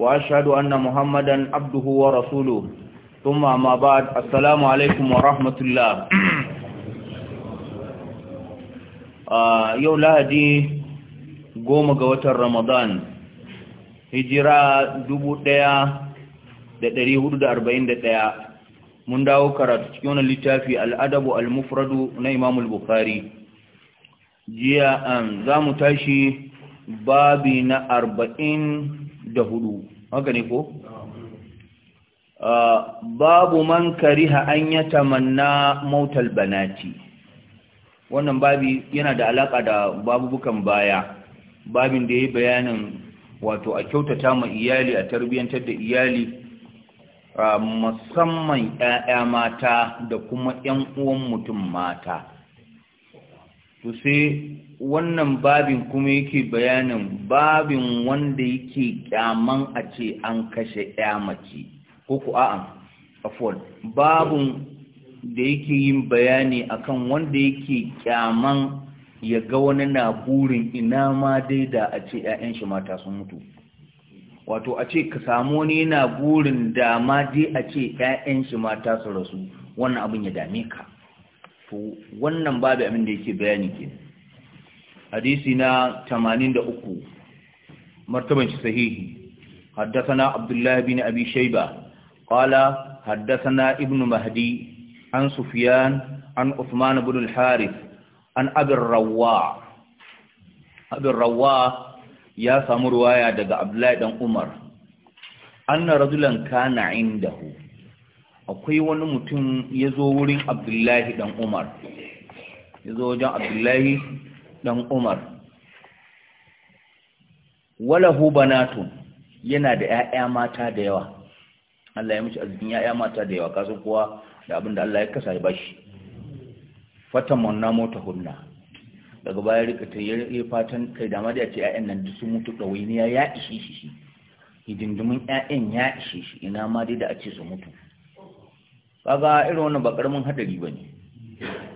وأشهد أن محمدا عبده ورسوله ثم ما بعد السلام عليكم ورحمة الله يوم لهدي قوم قوة watan ramadan hijira ديا da ɗari da arba'in da ɗaya mun dawo karatu cikin wani littafi al'adabu al-mufradu na imamul bukhari jiya za mu tashi babi na arba'in da hudu haka ne ko ah, babu man kariha an ya tamanna mautal banati wannan babi yana da alaka da babubukan baya babin da ya bayanin wato a kyautata ma iyali a tarbiyyantar da iyali ah, musamman 'ya'ya mata da kuma 'yan uwan mutum mata to sai wannan babin kuma yake bayanin babin wanda yake kyaman a ce an kashe mace ko ku a'a afwan babin da yake yin bayani akan wanda yake kyaman ya ga wani na burin ina ma dai da a ce 'ya'yan shi mata sun mutu wato a ce ka samu wani yana burin da ma dai a ce 'ya'yan shi mata su rasu wannan abin ya dame ka to wannan babu abin da yake bayani ke hadisi na 83 martaban shi sahihi haddathana abdullah bin abi shayba qala haddathana ibnu mahdi an sufyan an uthman ibn al-harith an abi rawa abi rawa ya samu ruwaya daga abdullah dan umar anna rajulan kana indahu akwai wani mutum ya zo wurin abdullahi dan umar ya zo wajen abdullahi dan umar walahu banatun yana da 'ya'ya mata da yawa Allah ya mishi arzikin 'ya'ya mata da yawa kasu kuwa da abin Allah ya kasa ya bashi fatamun na mota hunna daga baya rika ta yi fatan kai da da ya ce 'ya'yan nan da sun mutu ɗawainiya ya ishe shi hidindimin 'ya'yan ya ishe shi ina ma dai da a ce su mutu kaga irin wannan ba karamin hadari bane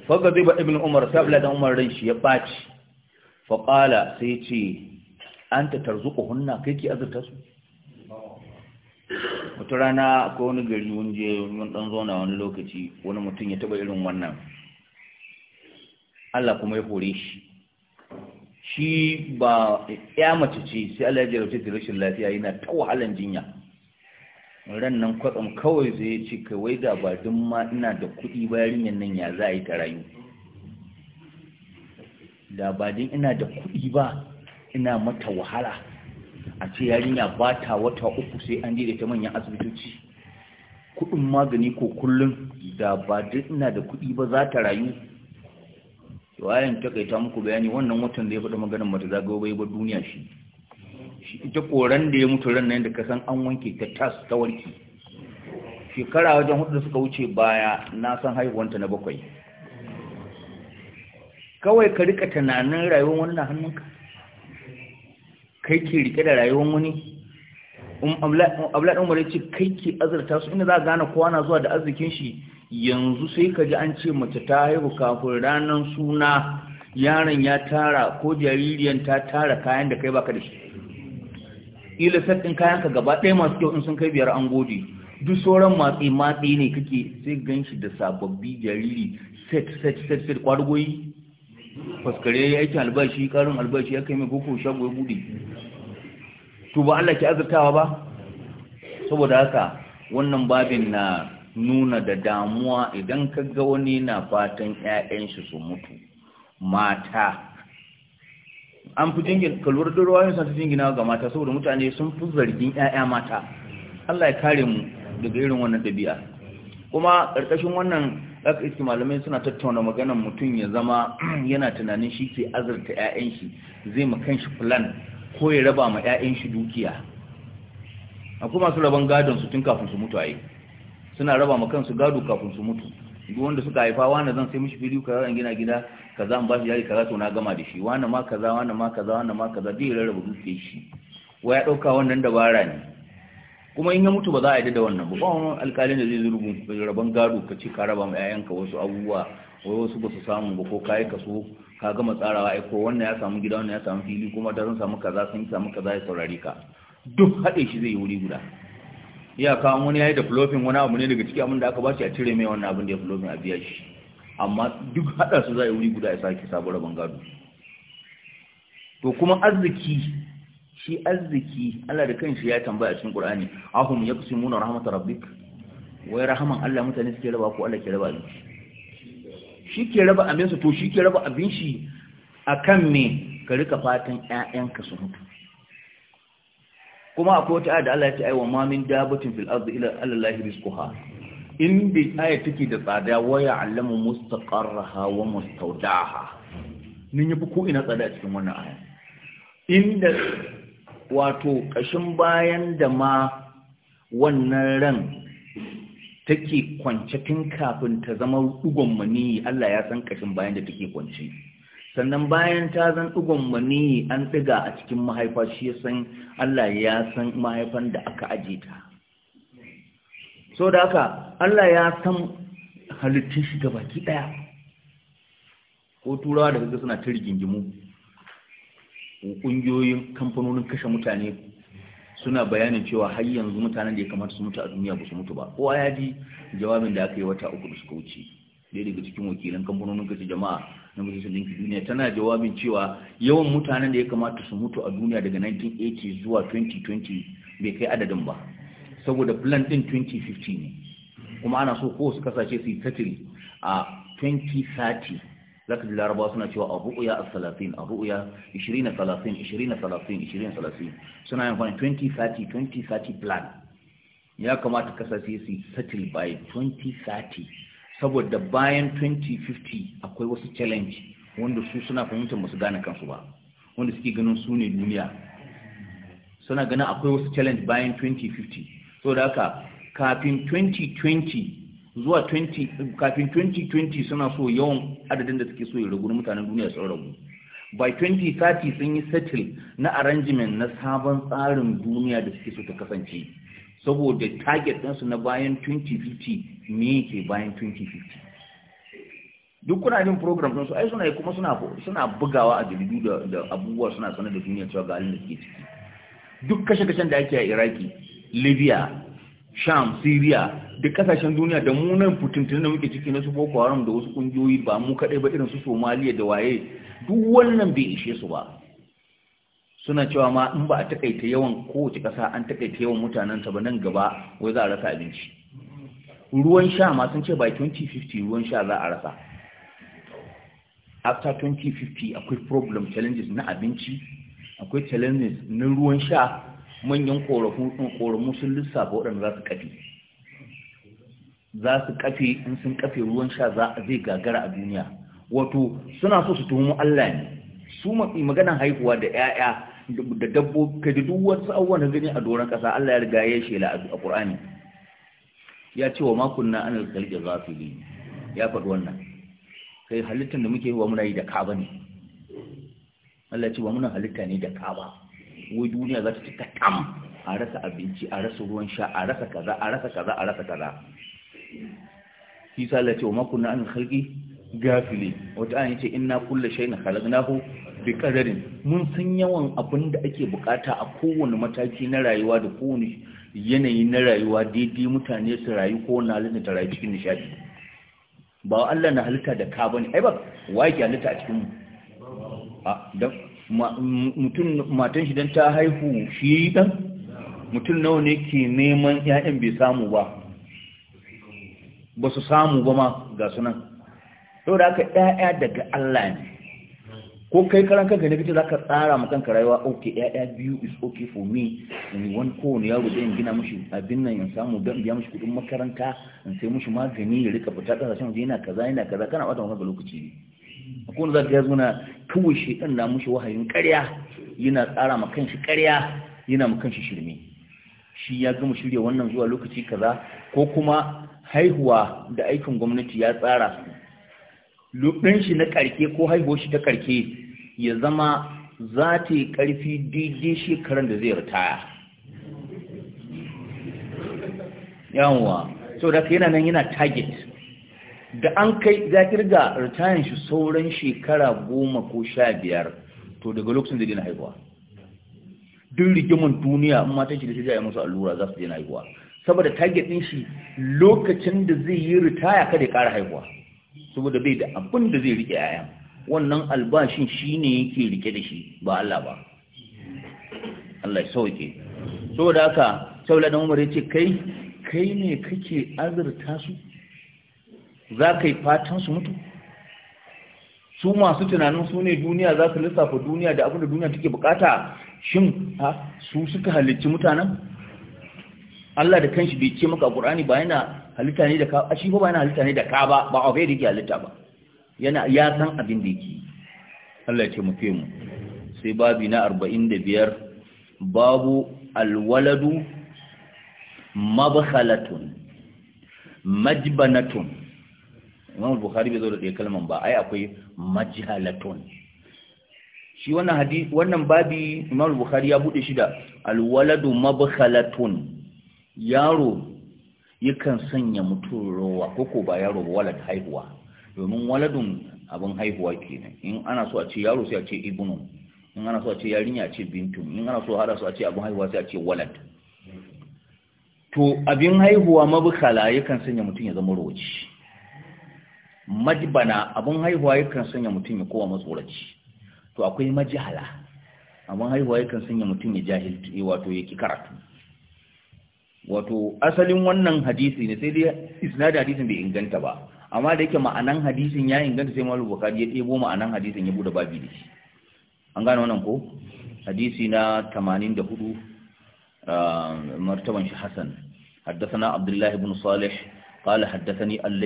faga zai ba ibn umar sai abla dan umar ran shi ya baci fa qala sai ya ce anta hunna kai ki azurta su wata rana akwai wani gari wani je wani dan zauna wani lokaci wani mutum ya taba irin wannan Allah kuma ya hore shi shi ba ya mace ce sai Allah ya jarabce da rashin lafiya yana ta wahalan jinya ran nan kwatsam kawai zai ya ce kawai da ba dun ma ina da kuɗi ba yarinyar nan ya za a yi ta rayu da ba ina da kuɗi ba ina mata wahala a ce yarinya ba ta wata uku sai an je ta manyan asibitoci kuɗin magani ko kullum da ba ina da kuɗi ba za ta rayu wayan takaita muku bayani wannan watan da ya faɗi maganin mata zagawa bai ba duniya shi shi ita koran da ya mutu ran nan da ka san an wanke ta tas ta warki shekara wajen hudu suka wuce baya na san haihuwanta na bakwai kawai ka rika tunanin rayuwar wani na hannunka kai ke rike da rayuwar wani um, abla um, umar ya ce kai ke azurta su inda za a gane kowa na zuwa da arzikin shi yanzu sai ka ji an ce mace ta haihu kafin ranar suna yaron ya tara ko jaririyan ta tara kayan da kai baka da shi ila sattin kayanka gaba ɗaya masu kyau in sun kai biyar an gode duk sauran matsi matsi ne kake sai gan da sababbi jariri set set set set kwadugoyi faskare ya yi albashi karin albashi ya kai mai goko shago ya to ba Allah ke azurtawa ba saboda haka wannan babin na nuna da damuwa idan ka ga wani na fatan 'ya'yan shi su mutu mata an fi jingin kalwar da yin sun fi jingina ga mata saboda mutane sun fi zargin 'ya'ya mata Allah ya kare mu daga irin wannan dabi'a kuma ƙarƙashin wannan aka iski malamai suna tattauna maganar mutum ya zama yana tunanin shi ke azarta 'ya'yan shi zai ma shi plan ko ya raba ma 'ya'yan shi dukiya akwai masu rabon gadon su tun kafin su mutu a yi suna raba ma kansu gado kafin su mutu duk wanda suka haifa wani zan sai mishi fili kaza zan gina gida kaza an shi yari kaza to na gama da shi wani ma kaza wani ma kaza wani ma kaza duk ya rarraba dukiyar shi wa ya dauka wannan dabara ne kuma in ya mutu ba za a yi da wannan ba ba wani alkalin da zai zurgun rabon gado ka ce ka raba ma yayanka wasu abubuwa wai wasu ba su samu ba ko yi kaso ka gama tsarawa ai ko wannan ya samu gida wannan ya samu fili kuma da sun samu kaza sun samu kaza ya saurare ka duk haɗe shi zai yi wuri guda kawo wani ya yi da flofin wani abu ne daga ciki abin da aka ba shi a cire mai wannan abin da ya flofin a biya shi amma duk hada su za a yi wuri guda ya sake sabon rabon gado to kuma arziki shi arziki Allah da kanshi ya tambaya a cikin Qur'ani ahum yaqsimuna rahmatar rabbik wai rahaman Allah mutane suke raba ko Allah ke raba abin shi ke raba abin su to shi ke raba abin shi akan me ka rika fatan ƴaƴanka su mutu kuma akwai wata ayyar da Allah ya ce ai wa mamin min dabatin fil ardi illa Allah rizquha in bi take da tsada waya ya'lamu mustaqarraha wa mustawdaha nin yi buku ina tsada cikin wannan aya inda wato kashin bayan da ma wannan ran take kwance tun kafin ta zama ugon maniyi, Allah ya san kashin bayan da take kwance sannan bayan ta zan ɗugon mani an ɗiga a cikin mahaifa shi san Allah ya san mahaifan da aka aje ta so da haka Allah ya san halittun shi ga baki ɗaya ko turawa da kaga suna ta rigingimu ƙungiyoyin kamfanonin kashe mutane suna bayanin cewa har yanzu mutanen da ya kamata su mutu a duniya ba su mutu ba ko ya ji jawabin da aka yi wata uku da suka wuce Daya daga cikin wakilan kamfanonin kasu jama'a na majalisar ɗinkin duniya tana jawabin cewa yawan mutanen da ya kamata su mutu a duniya daga 1980 zuwa 2020 bai kai adadin ba saboda plan ɗin 2015 ne kuma ana so kowace kasashe su yi tattali a 2030 zaka ji laraba suna cewa a ru'uya a salafin a ru'uya 20 salafin 20 20 suna yin kwanin 2030 2030 plan ya kamata kasashe su yi tattali by 2030 saboda bayan 2050 akwai wasu challenge wanda su suna fahimtar masu gane kansu ba wanda suke ganin su ne duniya suna ganin akwai wasu challenge bayan 2050 da haka kafin 2020 zuwa 20 kafin 2020 suna so yawan adadin da suke so ya ragu na mutanen duniya sun ragu by 2030 sun yi settle na arrangement na sabon tsarin duniya da suke so ta kasance saboda target ɗinsu na bayan 2050 me ke bayan 2050 duk kuna jin program ɗinsu ai suna yi kuma suna bugawa a jaridu da da abubuwa suna sanar da duniya cewa ga da ke ciki duk kashe-kashen da ake a Iraki Libya Sham Syria duk kasashen duniya da mu nan fitintun da muke ciki na su Boko Haram da wasu kungiyoyi ba mu kaɗai ba irin su Somaliya da waye duk wannan bai ishe su ba suna cewa ma in ba a takaita yawan kowace ƙasa an takaita yawan mutanenta ba nan gaba wai za a rasa abinci ruwan sha ma sun ce by 2050 ruwan sha za a rasa after 2050 akwai problem challenges na abinci akwai challenges na ruwan sha manyan koramu sun lissafa waɗanda za su kafe za su kafe in sun kafe ruwan sha zai gagara a duniya wato suna so su tuhumu Allah ne su maganan haihuwa da 'ya'ya da dabbobi Ka da duk wasu abubuwan da gani a doron ƙasa Allah ya riga ya shela a ƙur'ani. ya ce wa makunna anil zafi ne. ya faɗi wannan kai halittar da muke wa muna yi da kaba ne Allah ce wa muna halitta ne da kaba wai duniya za ta ta tam a rasa abinci a rasa ruwan sha a rasa kaza a rasa kaza a rasa kaza Isa Allah ce wa makunna anil khalqi gafili wata an yace inna kullu na khalaqnahu bi qadarin mun san yawan abin da ake bukata a kowane mataki na rayuwa da kowane yanayi na rayuwa daidai mutane su rayu ko na halitta ta rayu cikin nishadi ba Allah na halitta da ka bane ai ba wa yake halitta a cikin mu a dan mutum matan shi dan ta haihu shi dan mutum nawa ne ke neman ƴaƴan bai samu ba ba su samu ba ma ga sunan saboda aka ƴaƴa daga Allah ne ko kai karan kanka ne kace zaka tsara ma kanka rayuwa Oke ƴaƴa biyu is okay for me in wani kowane yaro zai gina mishi abin nan in samu dan biya mishi kudin makaranta in sai mishi magani ya rika fita kasashen waje yana kaza yana kaza kana ɓata wani lokaci ne akwai za zaka yazo na kawai shi dan na mishi wahayin ƙarya yana tsara ma kanshi ƙarya yana ma kanshi shirme shi ya gama shirya wannan zuwa lokaci kaza ko kuma haihuwa da aikin gwamnati ya tsara lubin shi na karke ko haihuwar shi ta karke ya zama za ta yi karfi daidai shekaran da zai ritaya yawonwa so da yana nan yana target da an kai za kirga ritayan shi sauran shekara goma ko sha biyar to daga lokacin zai dina haihuwa duk rigimin duniya in matan shi da shi musu allura za su dina haihuwa saboda target ɗin shi lokacin da zai yi ritaya kada ya ƙara haihuwa saboda bai da abin da zai rike yayan wannan albashin shine yake rike da shi ba Allah ba Allah ya sauke saboda haka saula dan Umar yace kai kai ne kake azurta su za ka yi fatan su mutu su masu tunanin su ne duniya za su lissafa duniya da abin da duniya take bukata shin ha su suka halicci mutanen Allah da kanshi bai ce maka Qur'ani ba yana halitta ne da ka a shi ko ba yana halitta ne da ka ba ba a da yake halitta ba yana ya san abin da yake Allah ya ce mu mu sai babi na 45 babu alwaladu mabkhalatun majbanatun Imam Bukhari bai zo da kalman ba ai akwai majhalatun shi wannan hadisi wannan babu Imam Bukhari ya bude shi da alwaladu mabkhalatun yaro yakan sanya mutum rowa ko ko ba yaro ba walad haihuwa domin waladun abin haihuwa kenan in ana so a ce yaro sai a ce ibnu in ana so a ce yarinya a ce bintun in ana so hada su a ce abin haihuwa sai a ce walad to abin haihuwa mabukala yakan sanya mutum ya zama roci majbana abin haihuwa yakan sanya mutum ya kowa matsoraci to akwai majihala abin haihuwa yakan sanya mutum ya jahil wato ya karatu wato asalin wannan hadisi ne sai dai isnadin hadisin bai inganta ba amma da yake ma'anan hadisin ya inganta sai malu bukari ya ɗebo ma'anan hadisin ya bude babi da shi an gane wannan ko hadisi na da hudu, ah, martaban shi hasan na abdullahi ibn salih haddasa ni al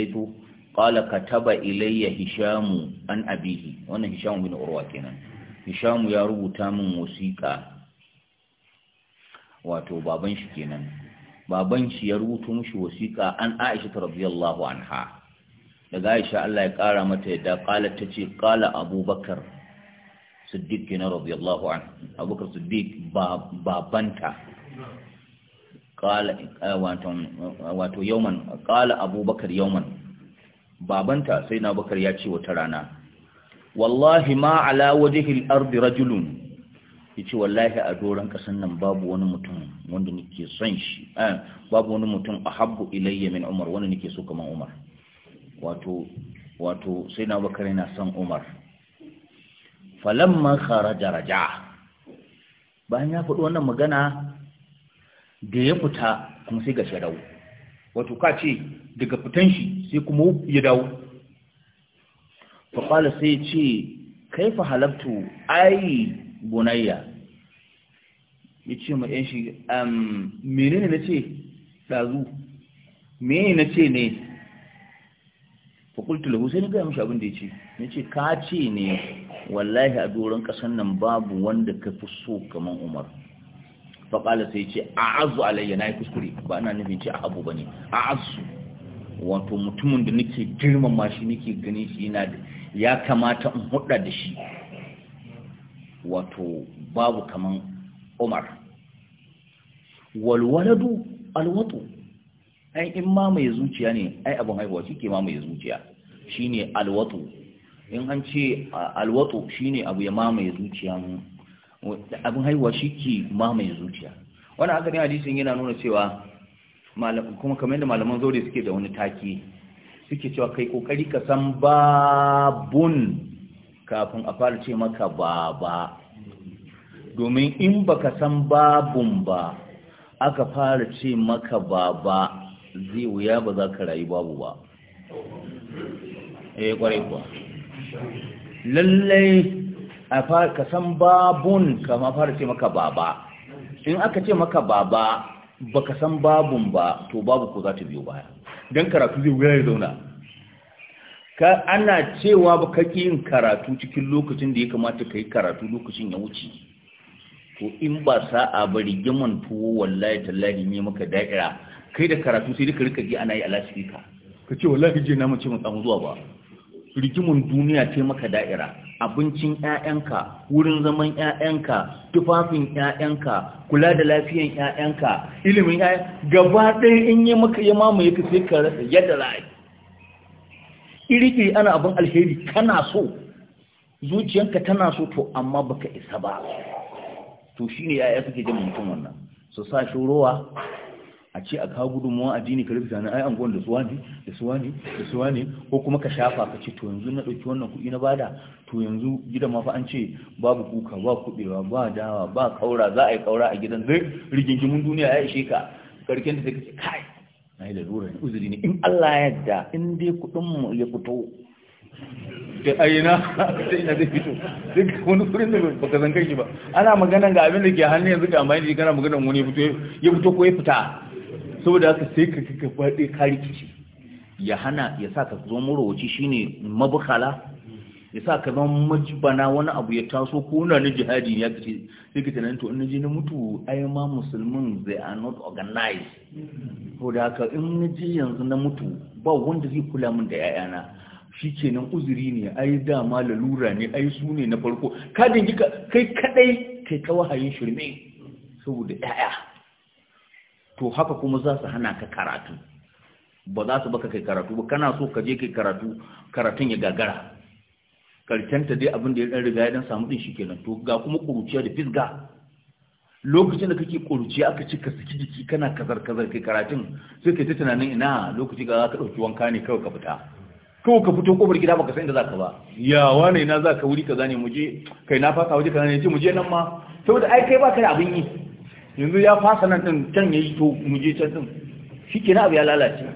Kala ka taba ilayya Hishamu an abihi wannan hisham bin urwa kenan Hishamu ya rubuta min wasiƙa. wato baban shi kenan baban shi ya rubuto mishi wasiƙa an Aisha ta radiyallahu anha daga Aisha Allah ya ƙara mata yadda qalat tace qala Abubakar Siddiq na radiyallahu anhu Abubakar Siddiq babanta qala eh, wato wato yawman Abubakar yawman babanta sai na Abubakar ya ce wata rana wallahi ma ala wajhi al-ardi rajulun ya ce wallahi a doron kasan nan babu wani mutum wanda nake son shi babu wani mutum a habbu ilayya min umar wanda nake so kamar umar wato sai na bakar yana son umar falamman kharaja raja bayan ya faɗi wannan magana da ya fita kuma sai ga sharau wato ka ce daga fitan shi sai kuma ya dawo faƙala sai ce kaifa halabtu ai bunayya ya ce ma ‘yan shi menene na ce ɗazu menene na ce ne fakultu lahu sai na gaya mashi abin da ya ce na ce ka ce ne wallahi a doron ƙasan nan babu wanda ka fi so kamar umar faƙala sai ce a azu alayya na yi kuskure ba ana nufin ce a abu ba ne a azu wato mutumin da nake girmama shi nake gani shi yana ya kamata in hudda da shi wato babu kaman umar walwaladu Al-Watu. ai in ma mai zuciya ne ai abin haihuwa shi ke ma mai zuciya shine watu in an ce shi shine abu ya mai zuciya abin haihuwa shi ke mai zuciya wani akarin hadisin yana nuna cewa kuma kamar yadda malaman zaure suke da wani taki suke cewa kai kokari ka san babun kafin a fara ce maka baba domin in baka san babun ba aka fara ce maka baba zai wuya ba za ka rayu babu ba eh kwarai kuwa lallai ka san babun kama fara ce maka baba in aka ce maka baba baka san babun ba to babu ko za ta biyo baya don karatu zai wuya ya zauna ka ana cewa ba ka yin karatu cikin lokacin da ya kamata ka yi karatu lokacin ya wuce to in ba sa'a ba rigiman tuwo wallahi tallahi ne maka da'ira kai da karatu sai duka rika ji ana yi a lasifika ka ce wallahi je na mace mu samu zuwa ba rigiman duniya ce maka da'ira abincin ƴaƴanka wurin zaman ƴaƴanka tufafin ƴaƴanka kula da lafiyan ƴaƴanka ilimin ƴaƴa gaba ɗaya in yi maka ya mamaye ka sai ka rasa yadda ra'ayi kirikiri ana abin alheri kana so zuciyanka tana so to amma baka isa ba to shine yaya suke jin mutum wannan su sa shi a ce a kawo gudunmuwa addini ka rubuta na ai an da suwa ne da suwa ne da suwa ne ko kuma ka shafa ka ce to yanzu na ɗauki wannan kuɗi na bada to yanzu gidan ma fa an ce babu kuka ba kuɗewa ba dawa ba kaura za a yi kaura a gidan zai rigingimin duniya ya ishe ka karken da take kai na yi lalurar uzuri ne in Allah ya yadda in dai kudinmu ya fito da ayyana ta ina zai fito duk wani furin da ba ka zan kai ba ana magana ga abin da ke hannun yanzu ga amfani da kana maganan wani ya fito ko ya fita saboda haka sai ka kika faɗi ka rikici ya hana ya sa ka zo murowaci shine mabukala ya sa ka zama majibana wani abu ya taso ko na ni jihadi ya kace sai ka tunanin to in naji na mutu ai ma musulmin they are not organized ko da haka in naje yanzu na mutu ba wanda zai kula min da yayana shikenan uzuri ne ai dama lalura ne ai su ne na farko ka dingi kai kadai kai kawo wahayin shirme saboda yaya to haka kuma za su hana ka karatu ba za su baka kai karatu ba kana so ka je kai karatu karatun ya gagara karkenta dai abin da ya dan riga ya dan samu din shikenan to ga kuma kuruciya da fisga lokacin da kake kuruciya aka ci ka saki jiki kana kazar kazar kai karatun sai kai ta tunanin ina lokaci ga ka dauki wanka ne kawai ka fita kawai ka fito kofar gida baka san inda zaka ba ya wane na zaka wuri kaza ne muje kai na fasa waje kaza ne ce muje nan ma saboda ai kai baka da abin yi yanzu ya fasa nan din can yayi to muje can din shikenan abu ya lalace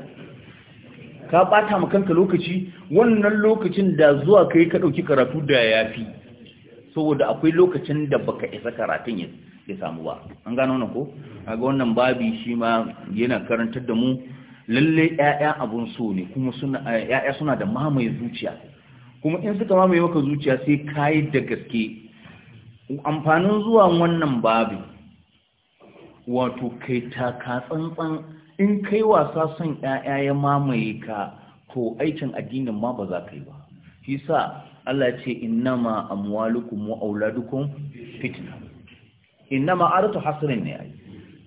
ka bata ma kanka lokaci wannan lokacin da zuwa kai ka ɗauki karatu da yafi saboda akwai lokacin da baka isa karatun ya samu ba an gano wannan ko kaga wannan babi shi ma yana karantar da mu lalle ƴaƴa abun so ne kuma suna ƴaƴa suna da mamaye zuciya kuma in suka mamaye maka zuciya sai kai da gaske amfanin zuwa wannan babi wato kai ta ka tsantsan in kai wasa son 'ya'ya ya mamaye ka ko aikin addinin ma ba za ka yi ba shi sa Allah ya ce ma amwalukum wa auladukum fitna ma aratu hasrin ne ai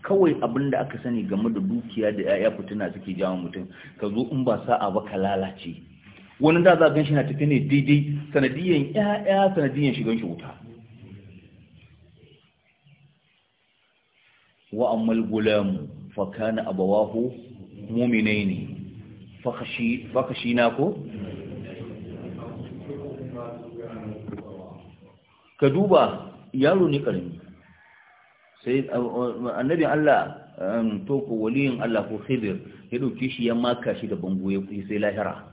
kawai abinda aka sani game da dukiya da 'ya'ya fituna suke jawo mutum ka zo in ba sa'a ba ka lalace wani da za gan ganshi na tafi ne daidai sanadiyan 'ya'ya sanadiyan shigan shi wuta wa ammal gulamu fa kana abawahu mu'minaini fa khashi fa ko ka duba yaro ne ƙarami, sai annabin Allah um, to ko waliyin Allah ko Khidir ya dauke shi ya maka shi da bango ya kuyi sai lahira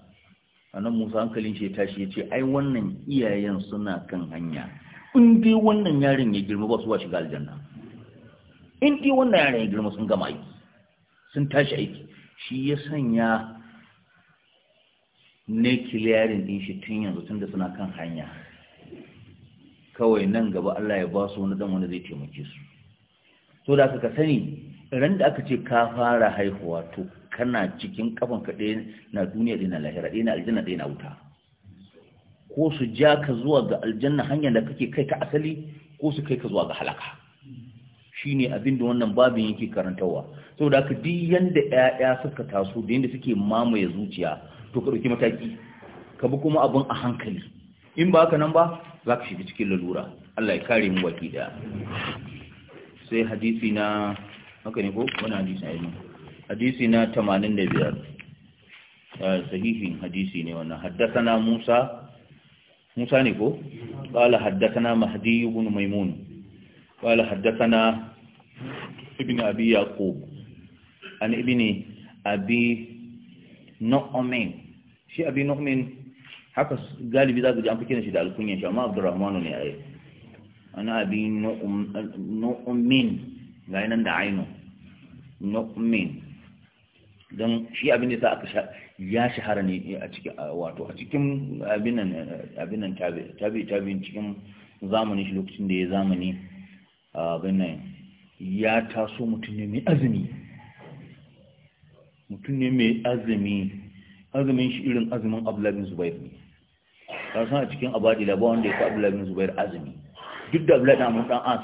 annan Musa hankalin shi ya tashi ya ce ai wannan iyayen suna kan hanya in dai wannan yaron ya girma ba su ba shiga aljanna in dai wannan yaron ya girma sun gama aiki sun tashi aiki shi ya sanya nekiliyarin din shi tun yanzu tun da suna kan hanya kawai nan gaba Allah ya ba su wani dan wani zai taimake su to da aka sani ran da aka ce ka fara haihuwa to kana cikin kafan ka ɗaya na duniya ɗaya na lahira ɗaya na aljanna ɗaya na wuta ko su ja ka zuwa ga aljanna hanyar da kake kai ka asali ko su kai ka zuwa ga halaka shine abin da wannan babin yake karantawa saboda ka di yanda ƴaƴa suka taso da yanda suke mamaye zuciya to ka dauki mataki ka bi kuma abin a hankali in ba haka nan ba za ka shiga cikin lalura Allah ya kare mu baki daya sai hadisi na haka ne ko wani hadisi ne hadisi na 85 eh, sahihin hadisi ne wannan haddathana Musa Musa ne ko qala haddathana Mahdi ibn Maimun قال حدثنا ibn abi yaqub an ibn abi nu'min shi abi nu'min haka galibi za ku ji an fi kiran shi da alkunyan shi amma abdurrahmanu ne yi an abi nu'min ga nan da ainu nu'min don shi abin da sa sha ya shahara ne a cikin wato a cikin abin nan tabi tabi cikin zamanin shi lokacin da ya zamani abin nan ya taso mutum ne mai azumi mutum ne mai azumi azumin shi irin azumin abulabin zubair ne san a cikin da ba wanda ya fi abulabin zubair azumi duk da abulabin amur dan as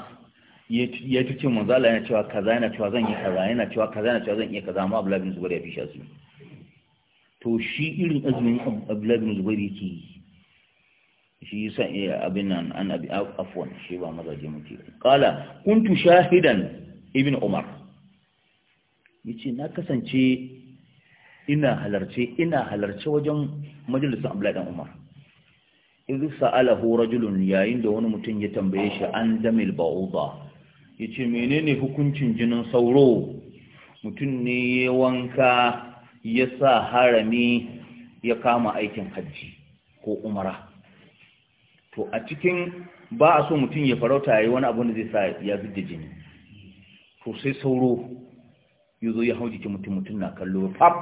ya ta ce manzala yana cewa kaza yana cewa zan yi kaza yana cewa kaza yana cewa zan iya kaza amma abulabin zubair ya fi shi azumi to shi irin azumin abulabin zubair yake yi shi yasa eh, abin nan an abi afwan shi ba mazaje muke kala kuntu shahidan ibn umar yace na kasance ina halarce ina halarce wajen majalisin abdullahi dan umar idh sa'alahu rajulun yayin da wani mutum ya tambaye shi an damil ba'udha yace menene hukuncin jinin sauro mutum ne ya wanka ya sa harami ya kama aikin hajji ko umara to a cikin ba a so mutum ya farauta ya yi wani abu da zai sa ya da jini to sai sauro ya zo ya hau jikin mutum mutum na kallo fab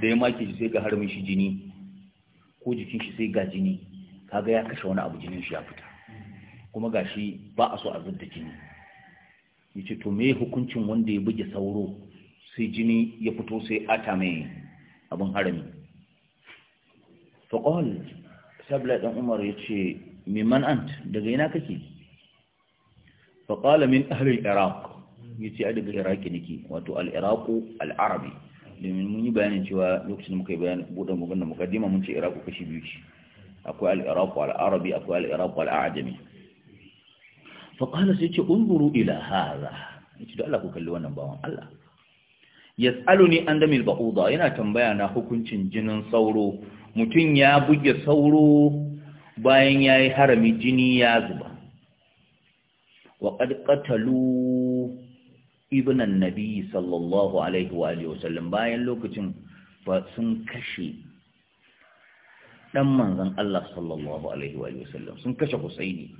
da ya maki shi sai ga harmi shi jini ko jikin shi sai ga jini kaga ya kashe wani abu jinin shi ya fita kuma ga shi ba a so a zidda jini ya ce to me hukuncin wanda ya buge sauro sai jini ya fito sai ata mai abin harami faƙol sabla ɗan umar ya ce mimman ant daga ina kake faƙala min ahlul iraq ya ce a daga iraki nake wato al'iraku al'arabi domin mun yi bayanin cewa lokacin muka yi bayanin buɗe mugun da mukaddima mun ce iraku kashi biyu ce akwai al'iraku al'arabi akwai al'iraku al'ajami faƙala sai ce unzuru ila haza ya ce da Allah ku kalli wannan bawan Allah ya tsalo ni an damil ba'uza yana tambaya na hukuncin jinin sauro mutum ya buge sauro bayan ya yi harami jini ya zuba wa ƙadƙatalu ibinan nabi sallallahu alaihi wa sallam bayan lokacin ba sun kashe ɗan manzan Allah sallallahu alaihi wa sallam sun kashe husaini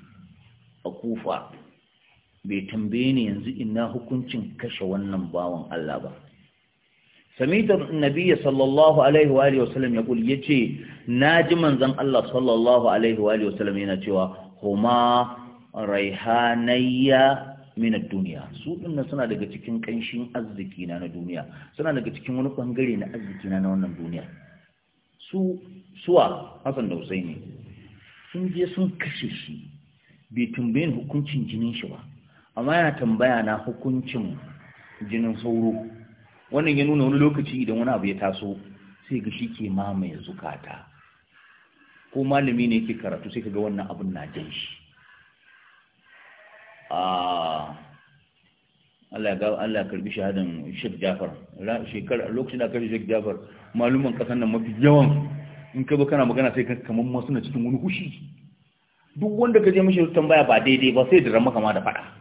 a kufa bai tambaye ni yanzu ina hukuncin kashe wannan bawan Allah ba سميت النبي صلى الله عليه وآله وسلم يقول يجي ناجما زن الله صلى الله عليه وآله وسلم ينجوا هما ريحانيا min duniya su dinnan suna daga cikin kanshin arziki na duniya suna daga cikin wani bangare na arziki na wannan duniya su suwa Hassan da Husaini sun je sun kashe shi bai ni hukuncin jinin shi ba amma yana tambaya na hukuncin jinin sauro wannan ya nuna wani lokaci idan wani abu ya taso sai ga shi ke mamaye zukata ko malami ne yake karatu sai kaga wannan abun na jan shi ah, Allah ya karbi shahadan Sheikh Jafar shekar lokacin da karbi Sheikh Jafar malumin kasan nan mafi yawan in ka zo kana magana sai kaman masu na cikin wani hushi duk wanda ka je mishi tambaya ba daidai ba sai da ramaka ma da fada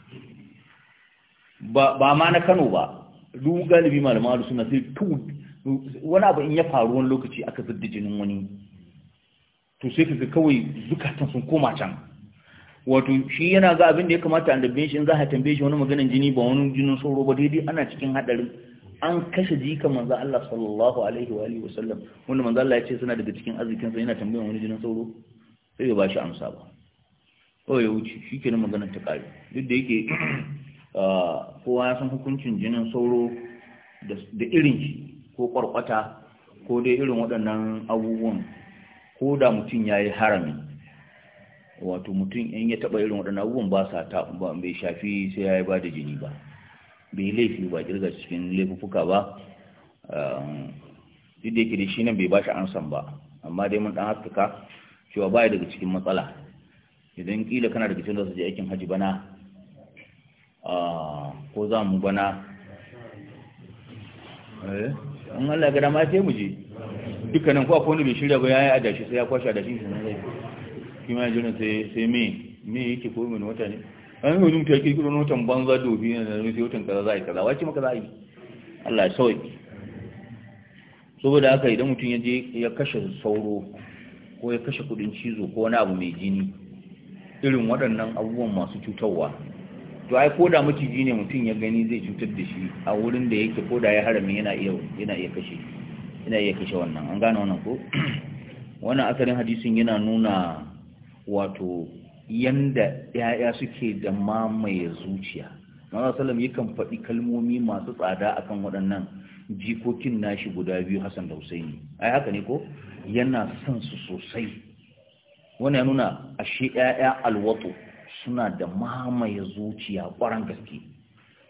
ba ma na Kano ba duk galibi malaman suna sunna sai tu wani abu in ya faru wani lokaci aka fidda jinin wani to sai ga kawai zukatan sun koma can wato shi yana ga abin da ya kamata a dabbe shi in za a tambaye shi wani maganan jini ba wani jinin sauro ba daidai ana cikin hadarin an kashe jika manzo Allah sallallahu alaihi wa alihi wasallam wanda manzo Allah ya ce suna daga cikin azikin sa yana tambayan wani jinin sauro sai ya bashi amsa ba kawai ya wuce shikenan maganar ta kare duk da yake ah, kowa ya san hukuncin jinin sauro da irin shi ko kwarkwata ko dai irin waɗannan abubuwan ko da mutum ya yi harami wato mutum in ya taɓa irin waɗannan abubuwan ba sa ta ba bai shafi sai ya yi ba da jini ba bai laifi ba girga cikin laifuka ba duk da yake da shi nan bai ba shi ansan ba amma dai mun ɗan haskaka cewa ya daga cikin matsala idan kila kana daga cikin zasu je aikin hajji bana Ah, ko za mu gwana an eh, Allah gada dama sai mu je dukkanin ko akwai wanda bai shirya ba yayi adashi sai ya kwasha da shi ne zai kima jira sai sai me me yake ko mun wata ne an yi mutum ta kirkiro notan banza dofi ne da sai wutan kaza zai kaza wace maka zai Allah ya sauki saboda haka idan mutum ya je ya kashe sauro ko ya kashe kudin cizo ko wani abu mai jini irin waɗannan abubuwan masu cutarwa to ai koda maciji ne mutum ya gani zai cutar da shi a wurin da yake koda ya harami yana iya yana iya kashe yana iya kashe wannan an gane wannan ko wannan asalin hadisin yana nuna wato yanda yaya suke da mamaye zuciya Manzo sallam yakan faɗi kalmomi masu tsada akan waɗannan jikokin nashi guda biyu Hassan da Husaini ai haka ne ko yana son su sosai wannan ya nuna ashe yaya alwatu suna da mamaye zuciya ƙwaran gaske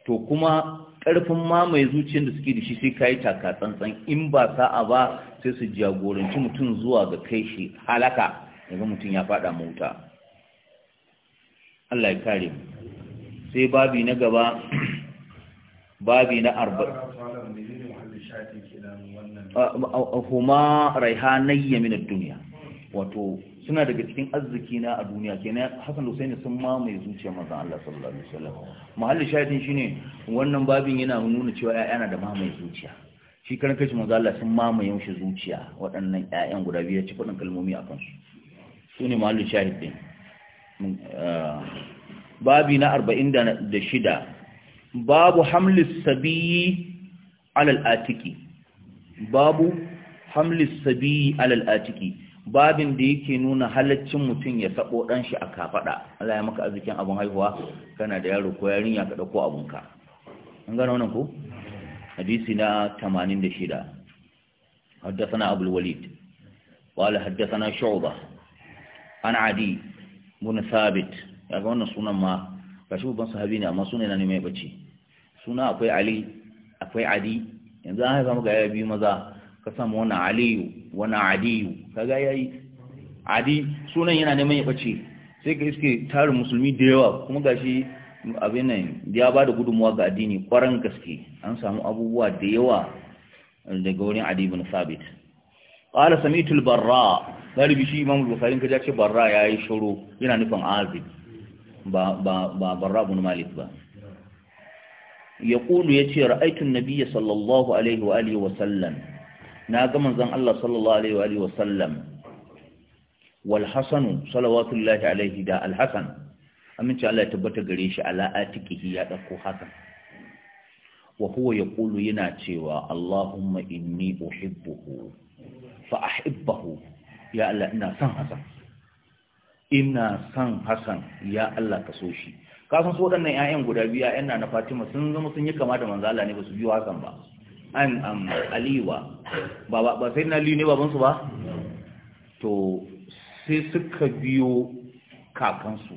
to kuma ƙarfin mamaye zuciyar da suke da shi sai ka taka tsantsan in ba sa'a ba sai su jagoranci mutum zuwa ga kai shi halaka yanzu mutum ya faɗa mota Allah ya kare sai babi na gaba babi na arba huma raihanayya min ad duniya. wato suna daga cikin arziki na a duniya kenan Hassan Hussein sun mamaye zuciya mazan Allah sallallahu alaihi wasallam mahallin shahidin shine wannan babin yana nuna cewa ƴaƴa na da mamaye zuciya shi karan kashi mazan Allah sun mamaye shi zuciya waɗannan ƴaƴan guda biyar ci kudin kalmomi a kansu ne mahallin shahidin eh, babi na shida babu hamlis sabi alal atiki babu hamlis sabiyi alal atiki babin da yake nuna halaccin mutum ya sabo dan shi a kafada Allah ya maka arzikin abun haihuwa kana da yaro ko yarinya ka dauko abunka an gano wannan ko hadisi na 86 حدثنا أبو الوليد قال حدثنا Sabit. Ya عدي بن sunan ma. سنة ban sahabi ne amma sunan ne mai bace Suna akwai Ali. Akwai adi yanzu an haifa maka yaya biyu maza ka samu wani aliyu wani adiyu kaga yayi adi sunan yana neman ya bace sai ka iske tarin musulmi da yawa kuma gashi abin nan ya ba da gudunmuwa ga addini kwaran gaske an samu abubuwa da yawa daga wurin adi bin sabit qala samitul barra galibi shi imam bukhari kaje ce barra ya yi shuru yana nufin azib ba ba ba barra bin malik ba yaqulu ya ce ra'aitun nabiyya sallallahu alaihi wa alihi wa sallam na ga manzon Allah sallallahu alaihi wa sallam wal hasanu salawatullahi alaihi da al hasan aminci Allah ya tabbata gare shi ala atiqihi ya dauko hasan wa huwa yaqulu yana cewa Allahumma inni uhibbuhu fa ahibbahu ya Allah ina son Hassan ina son Hassan ya Allah ka so shi ka san so wadannan ƴaƴan guda biyu ƴaƴan na Fatima sun zama sun yi kama da manzo Allah ne ba su biyo Hassan ba an am aliyu ba ba ba sai na aliyu ne babansu ba to sai suka biyo kakansu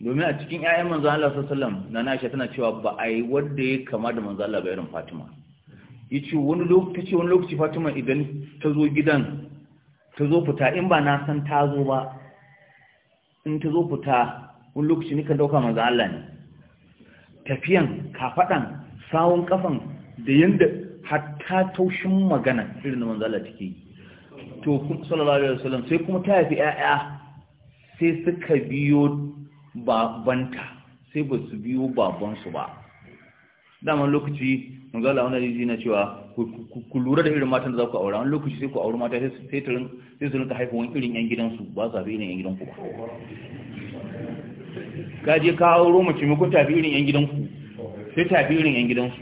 domin a cikin 'ya'yan manzo Allah sallallahu na Aisha tana cewa ba a yi wanda ya kama da manzo Allah bayarin irin Fatima yace wani lokaci wani lokaci Fatima idan ta zo gidan ta zo fita in ba na san ta zo ba in ta zo fita wani lokaci nika dauka manzo Allah ne tafiyan fadan sawun kafan da yadda hatta taushin magana irin manzo Allah take yi to sallallahu alaihi wasallam sai kuma ta yafi ƴaƴa sai suka biyo babanta sai ba su biyo babansu ba daman lokaci magana wani jiji na cewa ku lura da irin matan da za ku aure wani lokaci sai ku auri mata sai su rinka haifa wani irin yan gidansu ba su hafi irin yan gidanku ba ka je ka auro mace mai ku tafi irin yan gidanku sai tafi irin yan gidansu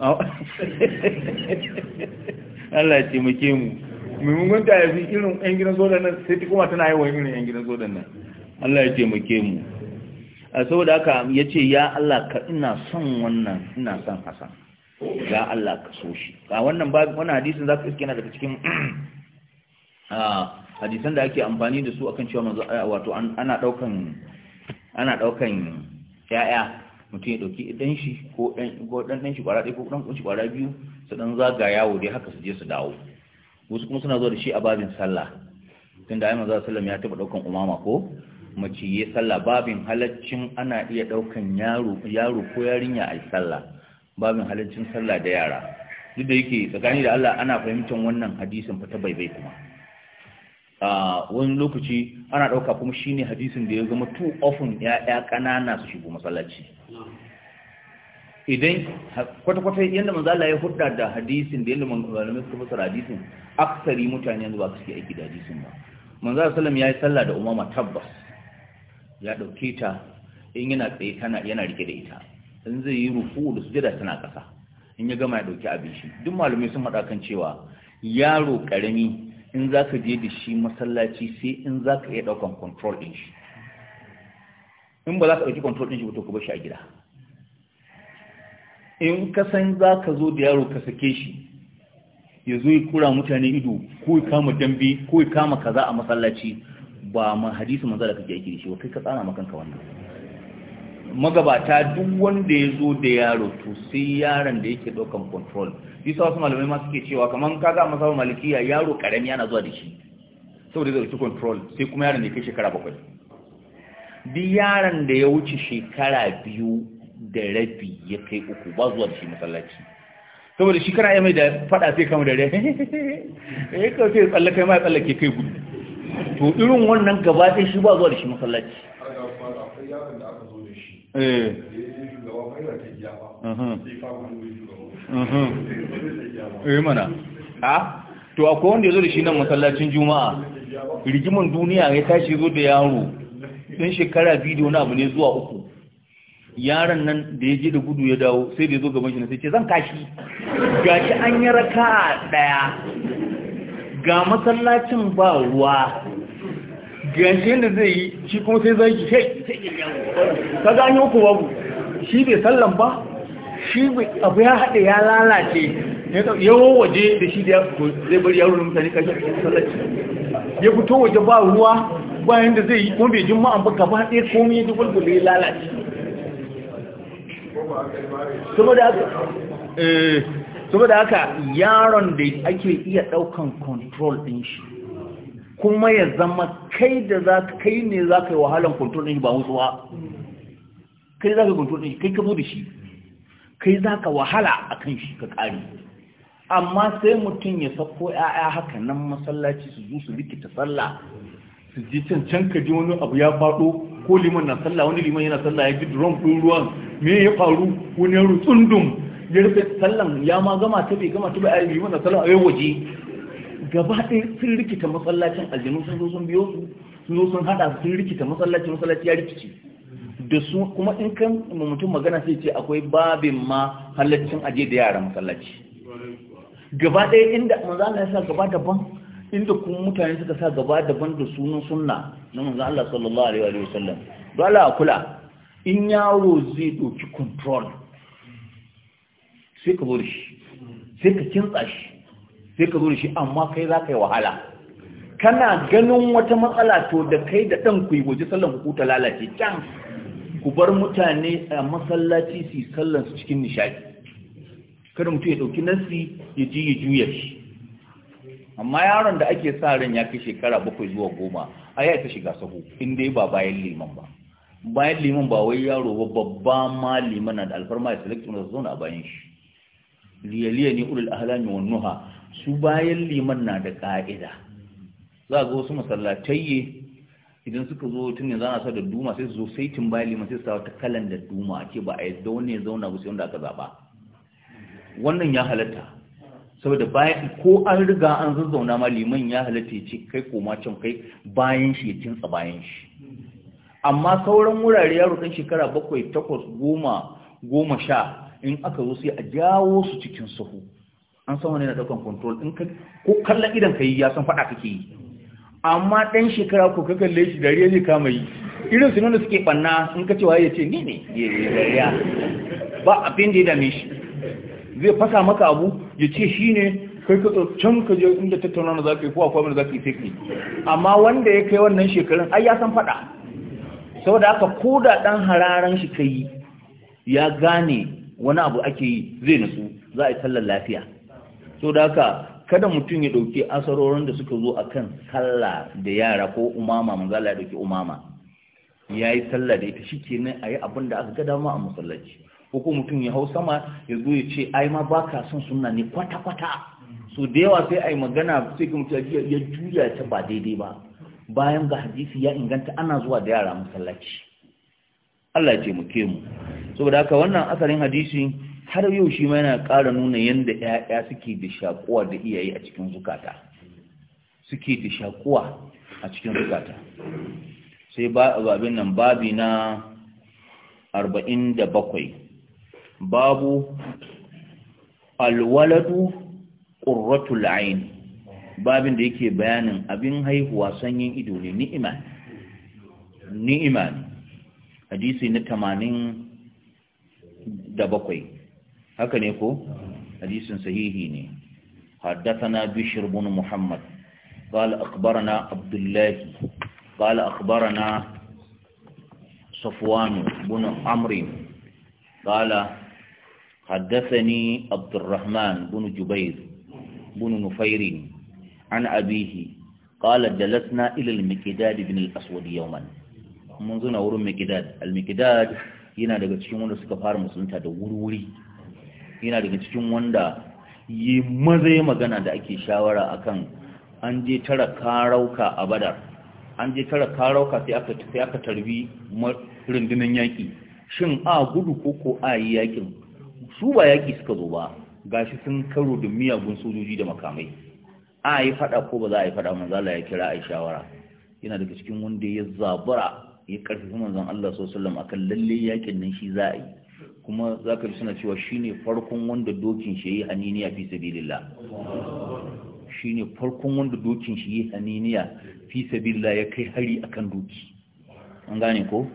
Allah ya taimake mu mummun ya fi irin yan gidan zodan nan sai ta kuma tana yi wa irin yan gidan zodan nan Allah ya taimake mu a saboda haka ya ce ya Allah ka ina son wannan ina son Hassan ya Allah ka so shi a wannan babu wannan hadisin za ka iske yana daga cikin ah, hadisan da ake amfani da su akan cewa manzo wato ana daukan ana daukan ya'ya mutum ya ɗauki idan shi ko ɗan ɗan shi ɓara ɗaya ko ɗan ƙunshi ɓara biyu su ɗan zaga yawo dai haka su je su dawo wasu kuma suna zuwa da shi a babin sallah tunda ayyuma za sallam ya taɓa ɗaukan umama ko mace ya sallah babin halaccin ana iya ɗaukan yaro yaro ko yarinya a sallah babin halaccin sallah da yara duk da yake tsakani da Allah ana fahimtar wannan hadisin fa ta baibai kuma wani lokaci ana ɗauka kuma ne hadisin da ya zama too often ya'ya ƙanana su shigo masallaci idan kwata-kwata yadda manzala ya hudda da hadisin da yadda malamai suka fasar hadisin aksari mutane yanzu ba su ke aiki da hadisin ba manzala salam ya yi sallah da umama tabbas ya ɗauke ta in yana tsaye yana rike da ita in zai yi rufu da sujada tana ƙasa in ya gama ya ɗauki abin shi duk malamai sun haɗa kan cewa yaro ƙarami in za ka je da shi masallaci sai in za ka iya ɗaukan control ɗin shi in ba za ka ɗauki control ɗin shi ba to ka bar shi a gida in ka san za ka zo da yaro ka sake shi ya zo ya kura mutane ido ko ya kama dambe ko ya kama kaza a masallaci ba ma hadisi manzo da kake aiki da shi ba kai ka tsara makanka wannan magabata duk wanda ya zo da yaro to sai yaron da yake ɗaukan control sa wasu malamai ma suke cewa kamar ga masa malikiya yaro karami yana zuwa da shi saboda zai control sai kuma yaron da ya kai shekara bakwai duk yaron da ya wuce shekara biyu da rabi ya kai uku ba zuwa da shi masallaci saboda shi kana mai da fada sai kama da rai eh kawai sai tsallaka mai tsallake kai gudu to irin wannan gaba ɗaya shi ba zuwa da shi masallaci Eh. Mhm. Mhm. Eh, mana a to akwai wanda ya zo da shi nan masallacin juma'a rigiman duniya ya tashi zo da yaro ɗin shekara da na abu ne zuwa uku yaron nan da ya je da gudu ya dawo sai da ya zo gaban shi na sai ce zan kashi shi an yi raka ɗaya ga masallacin ba ruwa shi yadda zai yi shi kuma sai zagi sai ka ganyo uku babu shi bai sallan ba shi abu ya haɗe ya lalace yawon waje da shi da zai bari yaro da mutane kashe a sallaci ya fito waje ba ruwa bayan da zai yi kuma bai jin ma'an ba gaba ɗaya komi ya ji gwalgwale ya lalace eh, saboda haka yaron da ake iya ɗaukan control ɗin shi kuma ya zama kai da za kai ne za ka yi wahalan control ɗin ba wasu ba kai za ka control ɗin kai ka da shi kai za ka wahala a kan shi ka ƙari amma sai mutum ya sako ‘ya'ya haka nan masallaci su zo su likita sallah su ji can can ka ji wani abu ya faɗo ko liman na sallah wani liman yana sallah ya ji drum ɗin ruwan me ya faru wani yaro tsundum ya rufe sallan ya ma gama ta bai gama ta bai ayi liman na sallah a yau waje gaba ɗaya sun rikita masallacin aljanu sun zo sun biyo su sun zo sun hada sun rikita masallaci masallaci ya rikici da su kuma in kan mutum magana sai ce akwai babin ma halaccin aje da yara masallaci gaba ɗaya inda manzo Allah ya sa gaba daban inda kuma mutane suka sa gaba daban da sunan sunna na manzo Allah sallallahu alaihi wa sallam dole a kula in yaro zai ɗauki control sai ka bar shi sai ka kintsa shi sai ka zo da shi amma kai za ka yi wahala kana ganin wata matsala to da kai da ɗan ku yi waje sallan ku ta lalace can ku bar mutane a masallaci su yi sallan su cikin nishaɗi kada mutum ya ɗauki nasi ya ji ya juya shi amma yaron da ake sa ran ya kai shekara bakwai zuwa goma a ya ta shiga sahu in dai ba bayan liman ba bayan liman ba wai yaro ba babba ma liman na da alfarma ya select wanda zauna a bayan shi liyaliya ne ulul ahlami wan nuha su bayan liman na da ƙa'ida za ga wasu masallatai idan suka zo tun yanzu ana sa da duma sai su zo sai tun bayan liman sai su sa ta kalan da duma a ba a yadda wani ya zauna ba wanda aka zaɓa wannan ya halatta saboda bayan ko an riga an zazzauna ma liman ya halatta ya ce kai koma can kai bayan shi ya tintsa bayan shi amma sauran wurare yaro ɗan shekara bakwai takwas goma goma sha in aka zo sai a jawo su cikin sahu an san wani na daukan control in ka ko kallon idan ka yi ya san faɗa kake yi amma ɗan shekara ko ka kalle shi dariya ne kama yi irin su da suke ɓanna in ka cewa ya ce ni ne ya dariya ba abin da ya dame shi zai fasa maka abu ya ce shi ne kai ka can ka je inda tattauna na yi ko akwai yi zafi sai amma wanda ya kai wannan shekarun ai ya san faɗa saboda haka ko da ɗan hararan shi kai ya gane wani abu ake yi zai nasu za a yi sallar lafiya so da kada mutum ya ɗauki asarorin da suka zo a kan sallah da yara ko umama manzo ya dauki umama yayi sallah da ita shikenan ayi abin da aka ga dama a musallaci, ko mutum ya hau sama ya zo ya ce ai ma baka son sunna ne kwata kwata so da yawa sai ai magana sai kuma ya juya ta ba daidai ba bayan ga hadisi ya inganta ana zuwa da yara musallaci. Allah ya ce mu ke mu saboda haka wannan asalin hadisi har yau shi ma yana ƙara nuna yadda ‘ya'ya suke da shakuwa da iyaye a cikin zukata suke da shakuwa a cikin zukata sai babin nan babi na arba'in da bakwai babu alwaladu ƙurratul ayin babin da yake bayanin abin haihuwa sanyin ido ne ni'ima ni'ima hadisi na tamanin da bakwai haka ne ko hadisin sahihi ne haddathana bishr ibn muhammad qala akhbarana abdullah qala akhbarana safwan ibn amr qala haddathani abdurrahman ibn jubair ibn nufair an abihi qala jalasna ila al-miqdad ibn aswad yawman mun zo wurin miqdad al-miqdad yana daga cikin wanda suka fara musunta da wuri-wuri. yana daga cikin wanda yi maza magana da ake shawara akan an je tara karauka a badar an je tara karauka sai aka tarbi rundunan yaki shin a gudu ko ko a yi yakin su ba yaki suka zo ba gashi sun karo da miyagun sojoji da makamai a yi fada ko ba za a yi fada manzo Allah ya kira a yi shawara yana daga cikin wanda ya zabura ya karfi manzon Allah sallallahu alaihi wasallam akan lalle yakin nan shi za a yi kuma za ka suna cewa ne farkon wanda dokin shi yi haniniya fi sabilillah ne farkon wanda dokin shi yi haniniya fi sabilillah ya kai hari akan doki an gane ko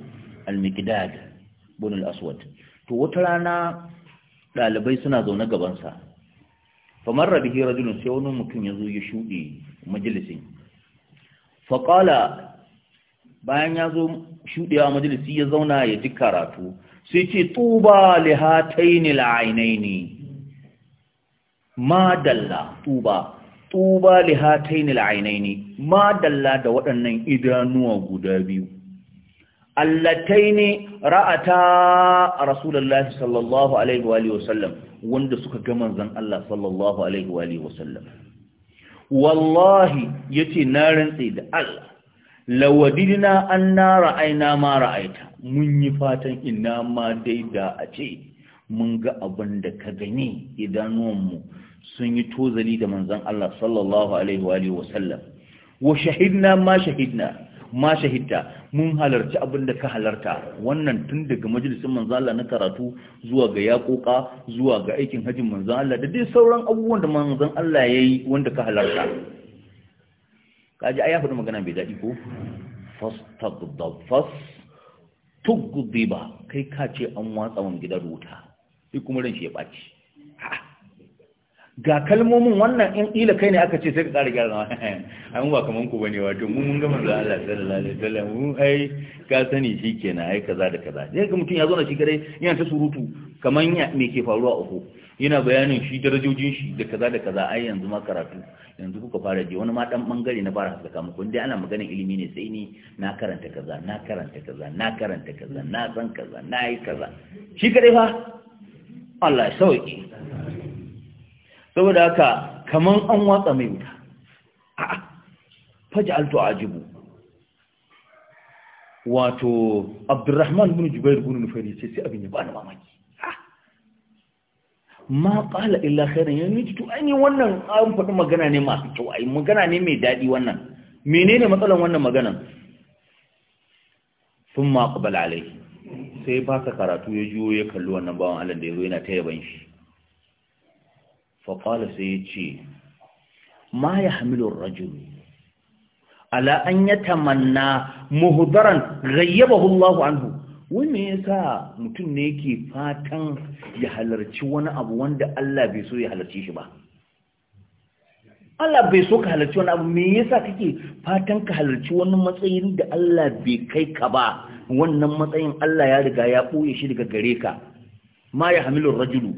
al-miqdad bin al-aswad to wata rana dalibai suna zaune gaban sa Rabi rabihi rajulun sai wani mutum ya zo ya shuɗe majalisin faƙala bayan ya zo shuɗewa majalisi ya zauna ya ji karatu sai ce tuba li hataini la'ainaini ma dalla tuba tuba li hataini la'ainaini ma dalla da waɗannan idanuwa guda biyu allataini ra'ata rasulullahi sallallahu alaihi wa sallam, wanda suka ga manzon Allah sallallahu alaihi wa sallam. wasallam wallahi yace na rantsi da Allah Lawadina an na ra'aina ma ra'aita mun yi fatan ina ma dai da a ce mun ga abin da ka gani idanuwanmu sun yi tozali da manzan Allah sallallahu alaihi wa sallam wa shahidna ma shahidna ma shahidta mun halarci abin da ka halarta wannan tun daga majalisin manzan Allah na karatu zuwa ga yakoka zuwa ga aikin hajjin manzan Allah da dai sauran abubuwan da manzan Allah yayi wanda ka halarta kaji ai ya faɗi magana bai daɗi ko fastaghdab fas tugdiba kai ka ce an watsa wani gidan ruta shi kuma ran shi ya ɓaci ga kalmomin wannan in ila kai ne aka ce sai ka ƙara gyara na an ba kaman ku bane wato mun mun gama da Allah sallallahu alaihi wasallam Mun ai ka sani shikenan ai kaza da kaza sai ga mutum ya zo na shi gare yana ta surutu kaman me ke faruwa uku yana bayanin shi darajojin shi da kaza da kaza ai yanzu ma karatu yanzu kuka fara je wani ma dan bangare na fara haska muku dai ana maganin ilimi ne sai ni na karanta kaza na karanta kaza na karanta kaza na san kaza na yi kaza shi kadai fa Allah ya sauke saboda haka kaman an watsa mai wuta a'a alto ajibu wato Abdurrahman bin Jubair bin nufari sai sai abin ya bani mamaki ma qala illa khairan yani to an wannan an faɗi magana ne masu kyau ai magana ne mai daɗi wannan menene matsalan wannan maganan sun maƙubal alai sai ba ka karatu ya juyo ya kalli wannan bawan Allah da ya zo yana ta yaban shi faƙala sai ya ce ma ya hamilun rajul ala an ya tamanna muhudaran gayyaba Allahu anhu wai me yasa mutum ne yake fatan ya halarci wani abu wanda Allah bai so ya halarci shi ba Allah bai so ka halarci wani abu me yasa kake fatan ka halarci wani matsayin da Allah bai kai ka ba wannan matsayin Allah ya riga ya boye shi daga gare ka ma ya hamilu rajulu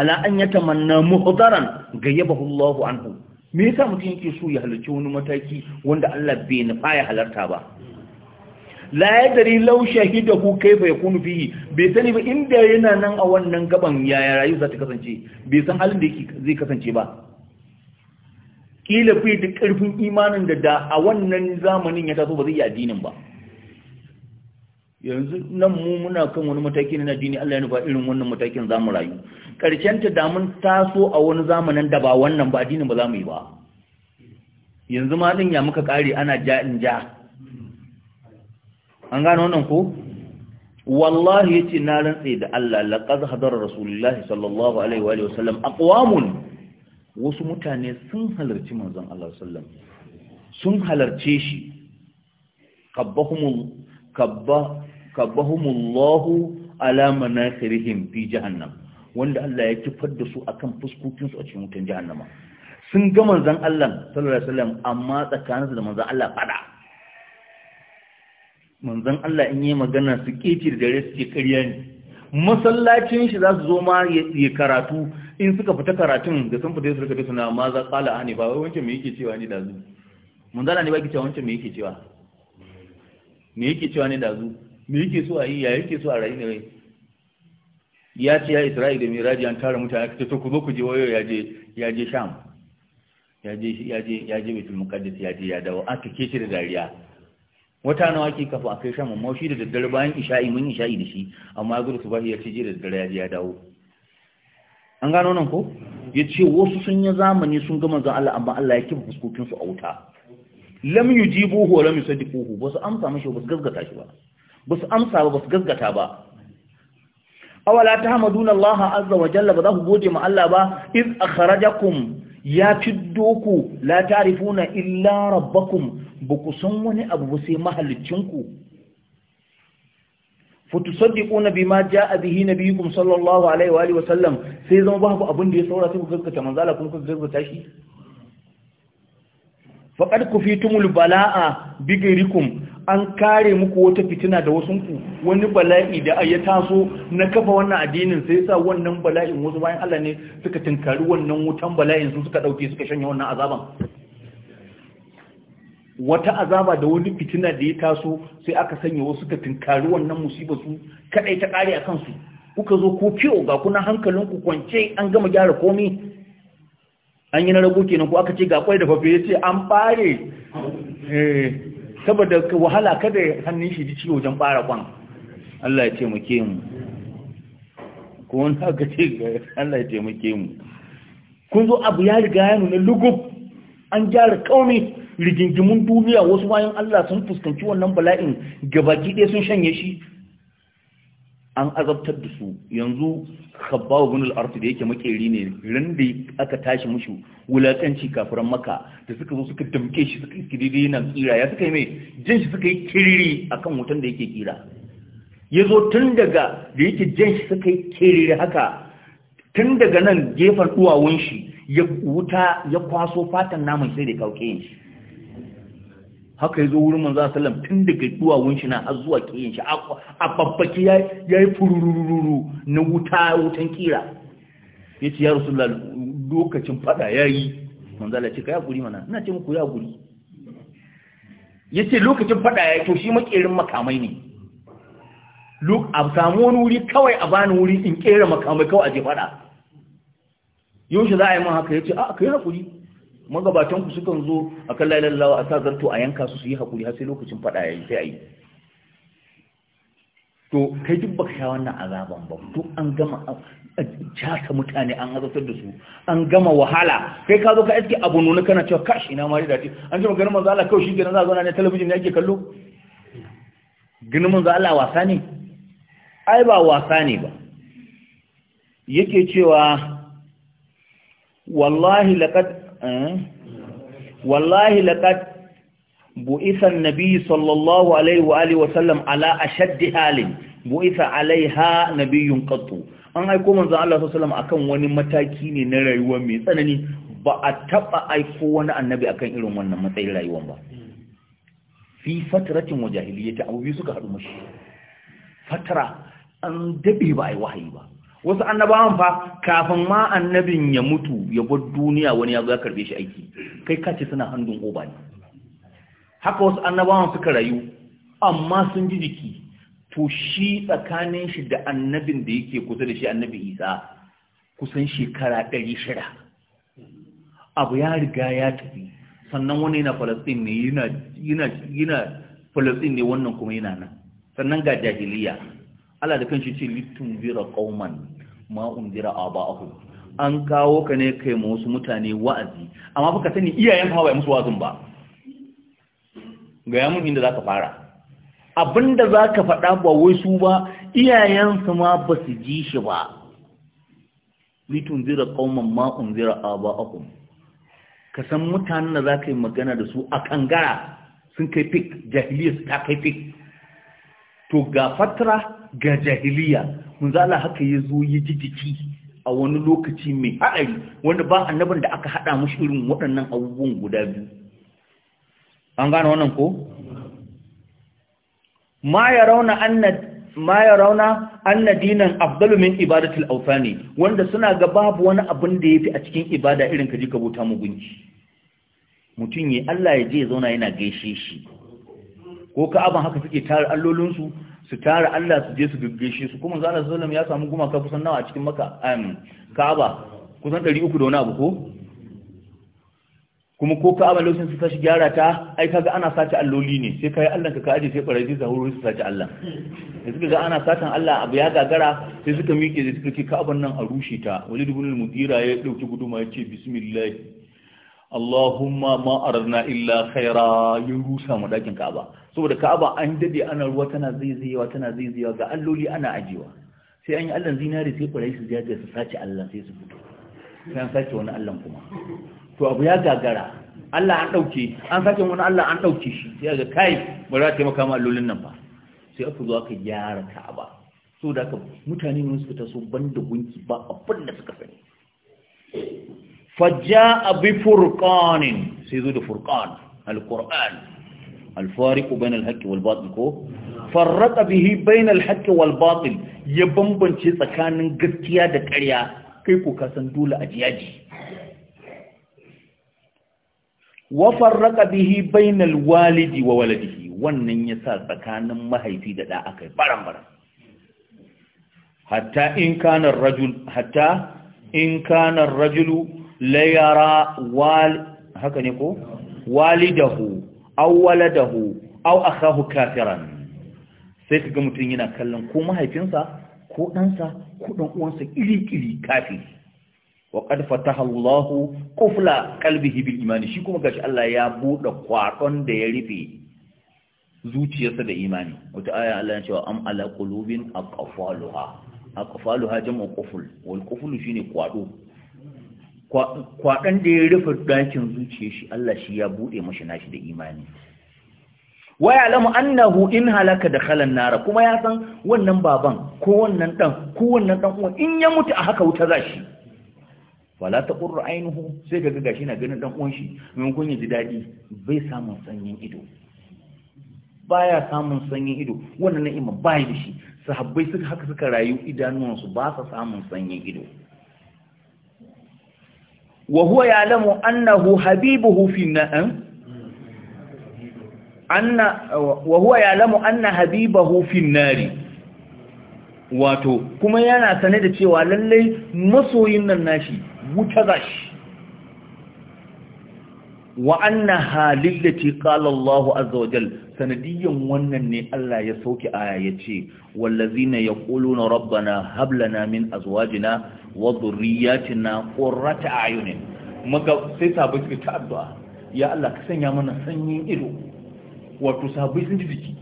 ala an yatamanna muhdaran gayyabahu Allah anhu me yasa mutum yake so ya halarci wani mataki wanda Allah bai nufa ya halarta ba la yadari law shahidahu kayfa yakunu fihi bai sani ba inda yana nan a wannan gaban yaya rayu za ta kasance bai san halin da yake zai kasance ba kila fi da karfin imanin da da a wannan zamanin ya taso ba zai yi addinin ba yanzu nan mu muna kan wani mataki na addini Allah ya nufa irin wannan matakin zamu rayu karshen ta da mun taso a wani zamanin da ba wannan ba addinin ba za mu yi ba yanzu ma din ya muka kare ana ja in ja an gano wannan ko wallahi yace na rantsa da Allah laqad hadara rasulullahi sallallahu alaihi wa sallam. wasallam aqwamun wasu mutane sun halarci manzon Allah sallam, sun halarce shi kabbahumul kabba kabbahumullahu ala manakirihim fi jahannam wanda Allah ya kifar da su akan fuskokin su a cikin wutan jahannama sun ga manzon Allah sallallahu alaihi wa sallam amma tsakaninsu da manzon Allah fada Manzan Allah in yi magana su keci da dare su ce ƙarya ne masallacin shi za su zo ma ya karatu in suka fita karatun da sun fita su rika suna ma za kala a ne ba wancan me yake cewa ne da zu Allah ne ba ki cewa wancan me yake cewa me yake cewa ne da zu me yake so a yi ya yake so a rayu ne ya ce ya isra'i da Miraji an tara mutane ka ce to ku zo ku je wayo ya je ya je Sham ya je ya je ya je mutum Muqaddas ya je ya dawo aka kece da dariya wata nawa ke kafin a kai shan mamma shi da daddare bayan isha'i mun isha'i da shi amma ya gudu su bashi ya ce da daddare ya je ya dawo an gano nan ko ya ce wasu sun yi zamani sun gama zan Allah amma Allah ya kifa fuskokin su a wuta lam yujibuhu wa lam yusaddiquhu basu amsa mashi ba su gazgata shi ba ba su amsa ba su gazgata ba awala tahmaduna Allah azza wa jalla ba za ku gode ma Allah ba iz akhrajakum ya fiddoku la ta'rifuna illa rabbakum ba ku san wani abu ba sai mahalicinku fatusaddiquna bima jaa bihi nabiyukum sallallahu alaihi wa wa sallam sai zama babu abin da ya saura sai ku gaskata manzo Allah kuma ku Faƙar ku faqad kufitumul balaa bigirikum an kare muku wata fitina da ku, wani bala'i da ya taso na kafa wannan addinin sai sa wannan bala'in wasu bayan Allah ne suka tinkari wannan wutan bala'in su suka ɗauke suka shanye wannan azaban wata azaba da wani fitina da ya taso sai aka sanya wasu ta tinkari wannan musibar su kadai ta kare akan su? kuka zo ko kiwo ga kuna hankalin ku kwance an gama gyara komai an yi na rago kenan ko aka ce ga kwai da fafe ya ce an bare eh saboda wahala kada hannun shi ji ciwo wajen bara kwan Allah ya taimake mu ko wani aka ce Allah ya taimake mu kun zo abu ya riga ya nuna lugub an gyara komai rigingimun duniya wasu bayan Allah sun fuskanci wannan bala'in gabaki ɗaya sun shanye shi an azabtar da su yanzu khabbawa bin al-arti da yake makeri ne ran da aka tashi mushi wulakanci kafiran maka da suka zo suka damke shi suka iske daidai yana kira ya suka yi mai jin shi suka yi kiriri akan wutan da yake kira ya zo tun daga da yake jin shi suka yi kiriri haka tun daga nan gefen duwawun shi ya wuta ya kwaso fatan naman sai da kauke shi haka ya zo wurin manzo sallam tun daga duwawun shi na har zuwa kiyin shi a babbaki ya yi furururu na wuta wutan kira ya ce ya rasu lokacin fada ya yi manzo Allah ce ka guri mana ina ce muku guri ya ce lokacin fada ya to shi makerin makamai ne a samu wani wuri kawai a bani wuri in kera makamai kawai a je fada yau shi za a yi mun haka ya ce a ah, ka yi hakuri magabatan ku sukan zo akan lailallawa a sa zarto a yanka su su yi hakuri har sai lokacin faɗa ya yi sai ayi to kai duk baka sha wannan azaban ba duk an gama a jata mutane an azabtar da su an gama wahala kai ka zo ka iske abu nuna kana cewa kashi ina ma da an ce maganin manzo Allah kawai shi kenan za zo na talabijin ne ake kallo ginin manzo Allah wasa ne ai ba wasa ne ba yake cewa wallahi laqad Eh? wallahi laqad bu'itha an-nabiy sallallahu alaihi wa alihi wa sallam ala ashaddi halin bu'itha alaiha nabiyyun qattu an aiko manzon Allah sallallahu alaihi akan wani mataki ne na rayuwa mai tsanani ba a taba aiko wani annabi akan irin wannan matsayin rayuwar ba fi fatratin wa jahiliyyati biyu suka hadu mashi fatara an dabe ba ai wahayi ba wasu annabawan fa kafin ma annabin ya mutu ya bar duniya wani ya zo ya karbe shi aiki kai ka suna hannun oba ne haka wasu annabawan suka rayu amma sun ji jiki to shi tsakanin shi da annabin da yake kusa da shi annabi isa kusan shekara ɗari shida abu ya riga ya tafi sannan wani yana falastin ne yana yana falastin ne wannan kuma yana nan sannan ga jahiliya Allah da kanshi ce littun zira qauman ma zira aba'ahum an kawo ka ne kai ma wasu mutane wa'azi amma baka sani iyayen fa bai musu wa'azin ba ga yamun inda zaka fara abinda zaka faɗa ba wai su ba iyayen su ma ba su ji shi ba littun zira qauman ma zira aba'ahum ka san mutanen da zaka yi magana da su a kangara sun kai fik su ta kai fik to ga fatra ga jahiliya manzo Allah haka ya zo ya ji jiki a wani lokaci mai haɗari wanda ba annabin da aka haɗa mashi irin waɗannan abubuwan guda biyu an gane wannan ko ma ya rauna ma anna dinan afdalu min ibadatil awthani wanda suna ga babu wani abin da yafi a cikin ibada irin ka kaji ka bota mu gunki mutun yi Allah ya je ya zauna yana gaishe shi ko ka abin haka suke tare allolin su tara Allah su je su shi su kuma zana sallam ya samu gumaka kusan nawa a cikin maka Ka'aba kusan 300 da wani abu ko kuma ko Ka'aba lokacin su tashi gyara ta ai kaga ana sace alloli ne sai kai Allah ka ka aje sai barazi su huru su sace Allah da suka ga ana satan Allah abu ya gagara sai suka miƙe da suka ce Ka'aban nan a rushe ta Walid ibn al ya dauki guduma ya ce bismillah Allahumma ma arna illa khaira yin rusa mu dakin Ka'aba saboda Ka'aba an dade ana ruwa tana zaizayewa tana zaizayewa ga alloli ana ajiwa sai an yi allan zinari sai kurai su jaje su sace Allah sai su fito sai an sace wani allan kuma to abu ya gagara Allah an dauke an sace wani Allah an dauke shi sai ga kai ba za ta maka ma allolin nan ba sai aka zo aka gyara Ka'aba saboda mutane ne suka so banda gunki ba abin da suka sani فجاء بفرقان سيدو فرقان القرآن الفارق بين الحق والباطل كو فرق به بين الحق والباطل يبنبن شيء سكان غتيا دا كريا كيفو كاسن أجياجي وفرق به بين الوالد وولده wannan yasa tsakanin mahaifi da da akai barambaran hatta in kana rajul hatta in kana rajulu layara wal haka ne ko walidahu aw waladahu aw akahu kafiran sai kaga mutun yana kallon ko mahaifinsa ko ɗansa ko ɗan uwansa kiri-kiri kafiri wa qad fataha Allahu qufla qalbihi bil imani shi kuma gashi Allah ya bude kwaɗon da ya rufe zuciyarsa da imani wata aya Allah ya ce am ala qulubin aqfaluha aqfaluha jam'u qufl wal quflu shine kwado kwaɗan da ya rufe ɗakin zuciya shi Allah shi ya buɗe mashi nashi da imani wa lamu annahu in halaka da khalan Nara, kuma ya san wannan baban ko wannan dan ko wannan dan uwa in ya mutu a haka wuta zashi wala taqurru ainuhu sai ga gashi na ganin dan uwan shi mun kun ji dadi bai samu sanyin ido baya samun sanyin ido wannan na'ima bai da shi sahabbai suka haka suka rayu idanuwansu ba sa samun sanyin ido wa huwa ya'lamu annahu habibuhu fi eh? anna wa huwa ya'lamu anna habibahu fi nari wato kuma yana sane da cewa lallai masoyin nan nashi wuta gashi wa anna halillati qala Allahu azza wa jal sanadiyan wannan ne Allah ya sauke aya yace wallazina yaquluna rabbana hab lana min azwajina wa dhurriyyatina qurrata ayunin maga sai sabu ta addu'a ya Allah ka sanya mana sanyin ido wato sabu sun ji jiki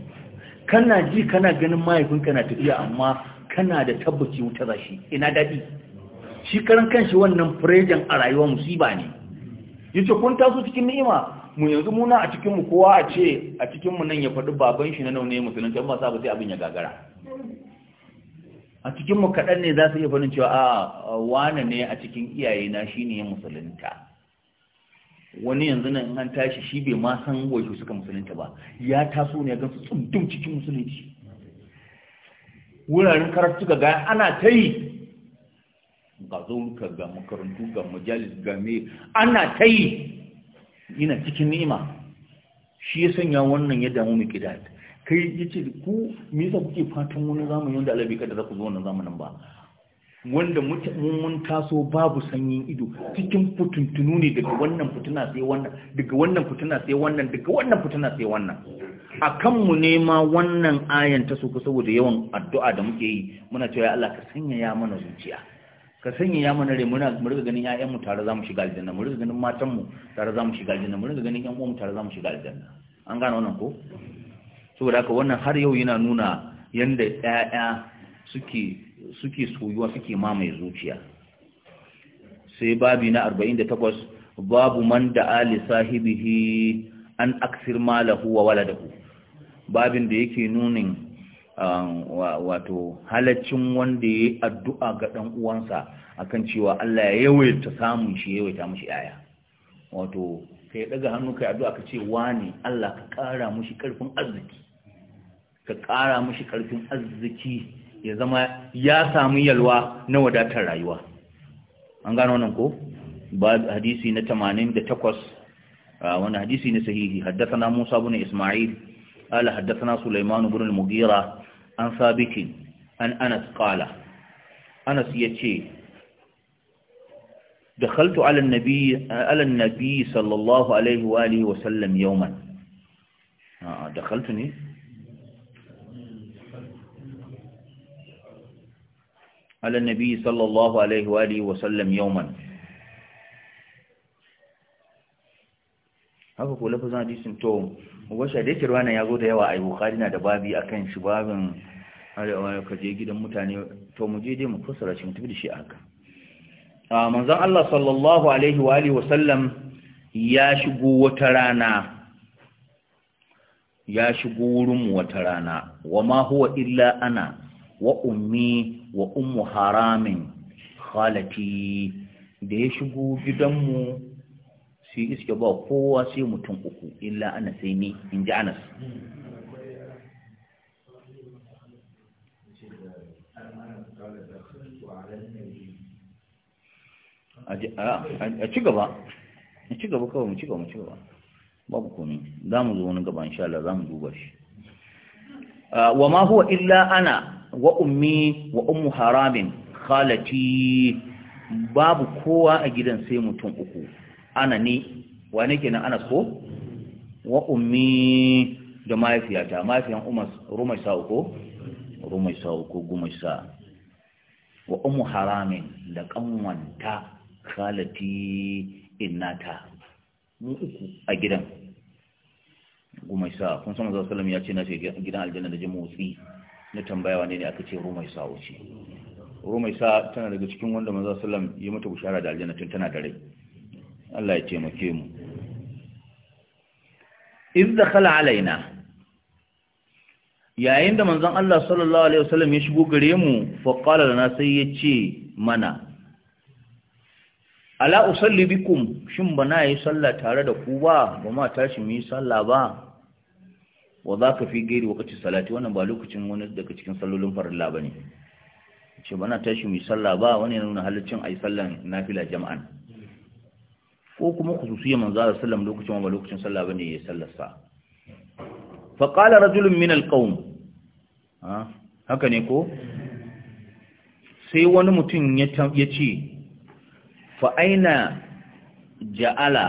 kana ji kana ganin mahaifinka na tafiya amma kana da tabbaci wuta zashi ina dadi shi karan kanshi wannan furejan a rayuwa musiba ne yace kun taso cikin ni'ima mu yanzu muna a cikin mu kowa a ce a cikin mu nan ya faɗi baban shi na naune musulunci amma sabu sai abin ya gagara a cikin mu kaɗan ne za su iya fadin cewa a wane ne a cikin iyaye na shine ya musulunta wani yanzu nan an tashi shi bai ma san waje suka musulunta ba ya taso ne ga su cikin musulunci wuraren karatu ga ana ta ga zauruka ga makarantu ga majalis ga me ana ta yi ina cikin nima shi ya sanya wannan ya damu mai kidat kai yace ku me yasa kuke fatan wani zamani wanda alabi bai za ku zo wannan zamanin ba wanda mun taso babu sanyin ido cikin fituntunu ne daga wannan fituna sai wannan daga wannan fituna sai wannan daga wannan fituna sai wannan a kanmu ne ma wannan ayan ta soku saboda yawan addu'a da muke yi muna cewa Allah ka sanya ya mana zuciya ka sanya ya mana rai muna mu riga ganin ƴaƴan mu tare zamu shiga aljanna mu riga ganin matan mu tare zamu shiga aljanna mu riga ganin ƴan uwan mu tare zamu shiga aljanna an gane wannan ko saboda haka wannan har yau yana nuna yanda ƴaƴa suke suke soyuwa suke mamaye zuciya sai babi na 48 babu man da ali sahibihi an aksir malahu wa waladahu babin da yake nunin Um, wato halaccin wanda ya yi addu'a ga ɗan uwansa akan cewa Allah ya yawaita samun shi yawaita mashi yaya wato ka yi ɗaga hannu ka yi addu'a ka ce ne Allah ka ƙara mashi ƙarfin arziki ka ƙara mashi ƙarfin arziki ya zama ya samu yalwa na wadatar rayuwa an gano nan ko ba hadisi na 88 wanda hadisi na sahihi haddasa musa bin ismail قال حدثنا سليمان بن المغيرة an sabitin an anas qala anas yace دخلت على النبي على النبي صلى الله عليه واله وسلم يوما آه دخلتني على النبي صلى الله عليه واله وسلم يوما haka ko lafazin hadisin to washa da rana ya zo da yawa a yi na da babi akan arewa ka je gidan mutane to mu je dai mu fassara shi mu tafi da shi haka manzon Allah sallallahu alaihi wa alihi wasallam ya shigo wata rana ya shigo wurinmu wata rana wa ma huwa illa ana wa ummi wa ummu haramin khalati da ya shigo gidanmu sai iske ba kowa sai mutum uku illa ana sai ni in ji anas a ci gaba a ci gaba kawai mu ci gaba mu ci gaba babu komai za mu zo wani gaba insha Allah za mu duba shi wa ma huwa illa ana wa ummi wa ummu haramin khalati babu kowa a gidan sai mutum uku ana ni wa nake nan ana so wa ummi da mahaifiyata mahaifiyan umar rumai sa uku rumai sa uku gumai sa wa ummu haramin da kanwanta kalati innata mu uku a gidan sa kun san sallam ya ce na ce gidan aljanna da motsi na tambaya wane ne aka ce rumaisa wuce rumaisa tana daga cikin wanda manzo sallam ya mata bushara da aljanna tun tana da rai Allah ya taimake mu iz dakhala alaina yayin da manzon Allah sallallahu alaihi wasallam ya shigo gare mu fa qala lana sai ya ce mana ala usalli bikum shin ba na yi sallah tare da ku ba ba ma tashi mu yi sallah ba wa za ka fi gairi wakati salati wannan ba lokacin wani daga cikin sallolin farilla bane ne ce ba na tashi mu yi sallah ba wani yana nuna halaccin a yi sallan nafila jama'an ko kuma khususiyya manzo Allah sallam lokacin ba lokacin sallah bane ya sa fa qala rajulun min alqawm haka ne ko sai wani mutum ya ce fa aina ja'ala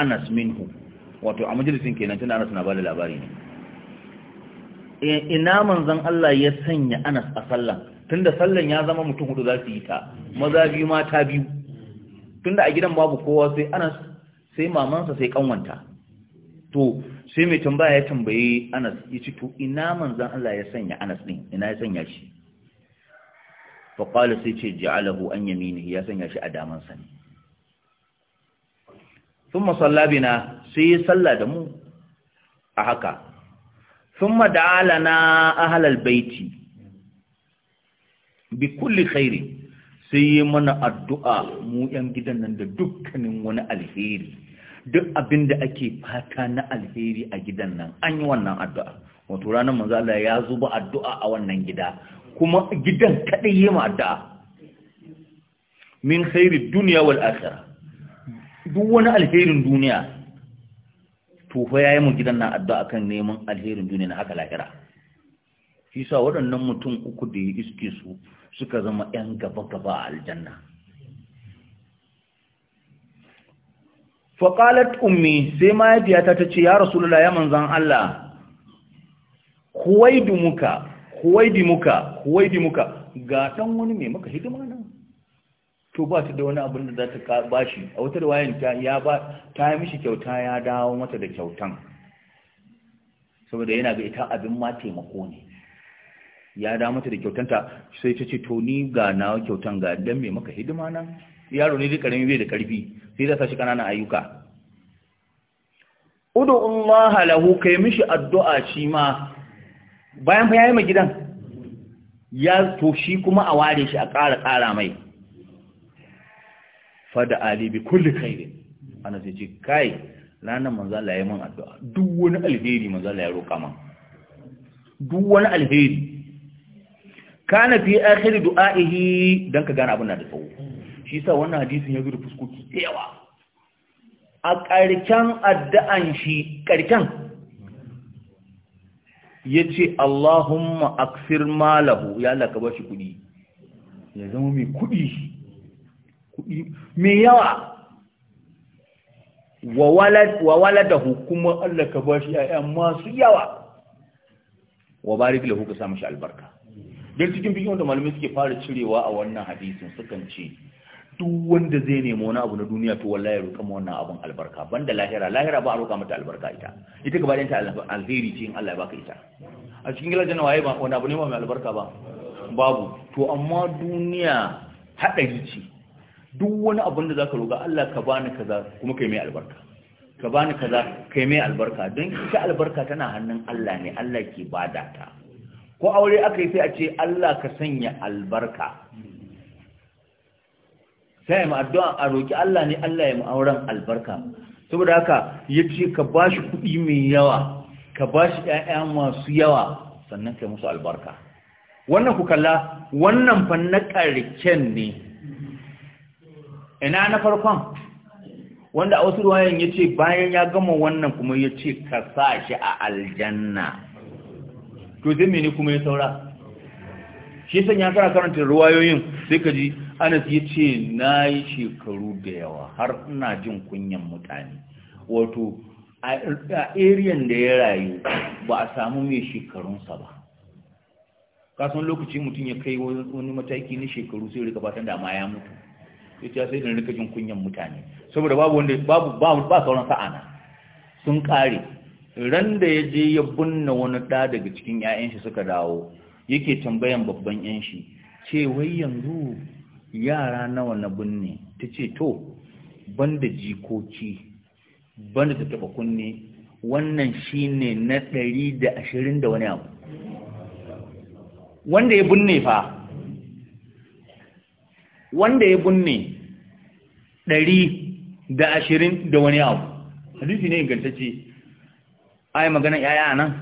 anas minhu wato a majalisin kenan tun anas na da labari ne e, ina manzon Allah ya sanya anas a sallan tunda sallan ya zama mutum hudu za su yi ta maza biyu mata biyu tunda a gidan babu kowa sai anas sai mamansa sai kanwanta to sai mai tambaya ya tambaye anas ya ce to ina manzon Allah ya sanya anas din ina ya sanya shi faƙwale sai ce ja'alahu an yamini ya sanya shi a damansa ne sun masallabina sai yi salla da mu a haka sun mada'ala na ahalal baiti bi kulli khairi sai yi mana addu'a mu ‘yan gidan nan da dukkanin wani alheri duk abinda ake fata na alheri a gidan nan an yi wannan addu'a wato ranar manzo Allah ya zuba addu'a a wannan gida kuma gidan kadai yi ma addu'a min khairid dunya wal akhirah duk wani alherin duniya to fa yayi mu gidan nan addu'a kan neman alherin duniya na haka lahira shi sa waɗannan mutum uku da ya iske su suka zama 'yan gaba-gaba a aljanna faƙalat ummi sai mahaifiyata ta ce ya rasu ya manzan Allah huwaidu muka huwaidi muka huwaidi muka ga san wani mai maka hidima nan to ba ta da wani abin da za ta bashi a wata wayan ta ya ba ta yi mishi kyauta ya dawo mata da kyautan saboda yana ga ita abin ma taimako ne ya dawo mata da kyautanta sai ta ce to ni ga na kyautan ga dan mai maka hidima nan yaro ne dai karami bai da karfi sai za ta shi kananan ayyuka udu Allah lahu kai mishi addu'a shi ma bayan fa yayi ma gidan ya to shi kuma a ware shi a ƙara ƙara mai fada ali bi kulli khairi ana sai ce kai ranar manzo Allah yayi min addu'a duk wani alheri manzo Allah ya roƙa man duk wani alheri kana fi akhir du'a'ihi dan ka gane abin da tsawo shi yasa wannan hadisin ya zo fuskoki da yawa a ƙarshen addu'an shi ƙarshen ya ce Allahumma aksir malahu ya Allah ka bashi kudi, ya zama mai kudi mai yawa wa waladahu kuma Allah ka bashi ƴaƴa masu yawa wa barik lahu ka sa mashi albarka dan cikin bikin da malamai suke fara cirewa a wannan hadisin sukan ce duk wanda zai nemi wani abu na duniya to wallahi ya roƙa wannan abun albarka banda lahira lahira ba a roƙa mata albarka ita ita gaba ta alheri ce in Allah ya baka ita a cikin gidan waye ba wani abu ne mai albarka ba babu to amma duniya haɗari ce duk wani abun da zaka roƙa Allah ka bani kaza kuma kai mai albarka ka bani kaza kai mai albarka don ita albarka tana hannun Allah ne Allah ke bada ta ko aure aka yi sai a ce Allah ka sanya albarka ta yi ma'addu’a a roƙi Allah ne Allah ya ma'auran albarka saboda haka ya ce ka ba shi kuɗi mai yawa ka ba shi ƴaƴa masu yawa sannan yi musu albarka wannan ku kalla wannan fan na ne ina na farkon wanda a wasu ruwayan ce bayan ya gama wannan kuma ya ce ka sa shi a aljanna to zai mene kuma ya saura shi san ya kara karanta ruwayoyin sai ka ji anas ya ce na yi shekaru da yawa har ina jin kunyan mutane wato a ariyan da ya rayu ba a samu mai shekarunsa ba kasan lokaci mutum ya kai wani mataki na shekaru sai rika fatan da ma ya mutu ya ce sai da rika jin kunyan mutane saboda babu wanda babu ba sauran sa'ana sun kare ran da ya je ya binne wani ɗa daga cikin 'ya'yan shi suka dawo yake tambayan babban 'yan shi ce wai yanzu yara nawa na binne ta ce to ban da jikoki ban ta taba kunne wannan shi ne na ɗari da ashirin da wani abu wanda ya binne fa wanda ya binne ɗari da ashirin da wani abu hadisi ne ingantacce ai magana yaya nan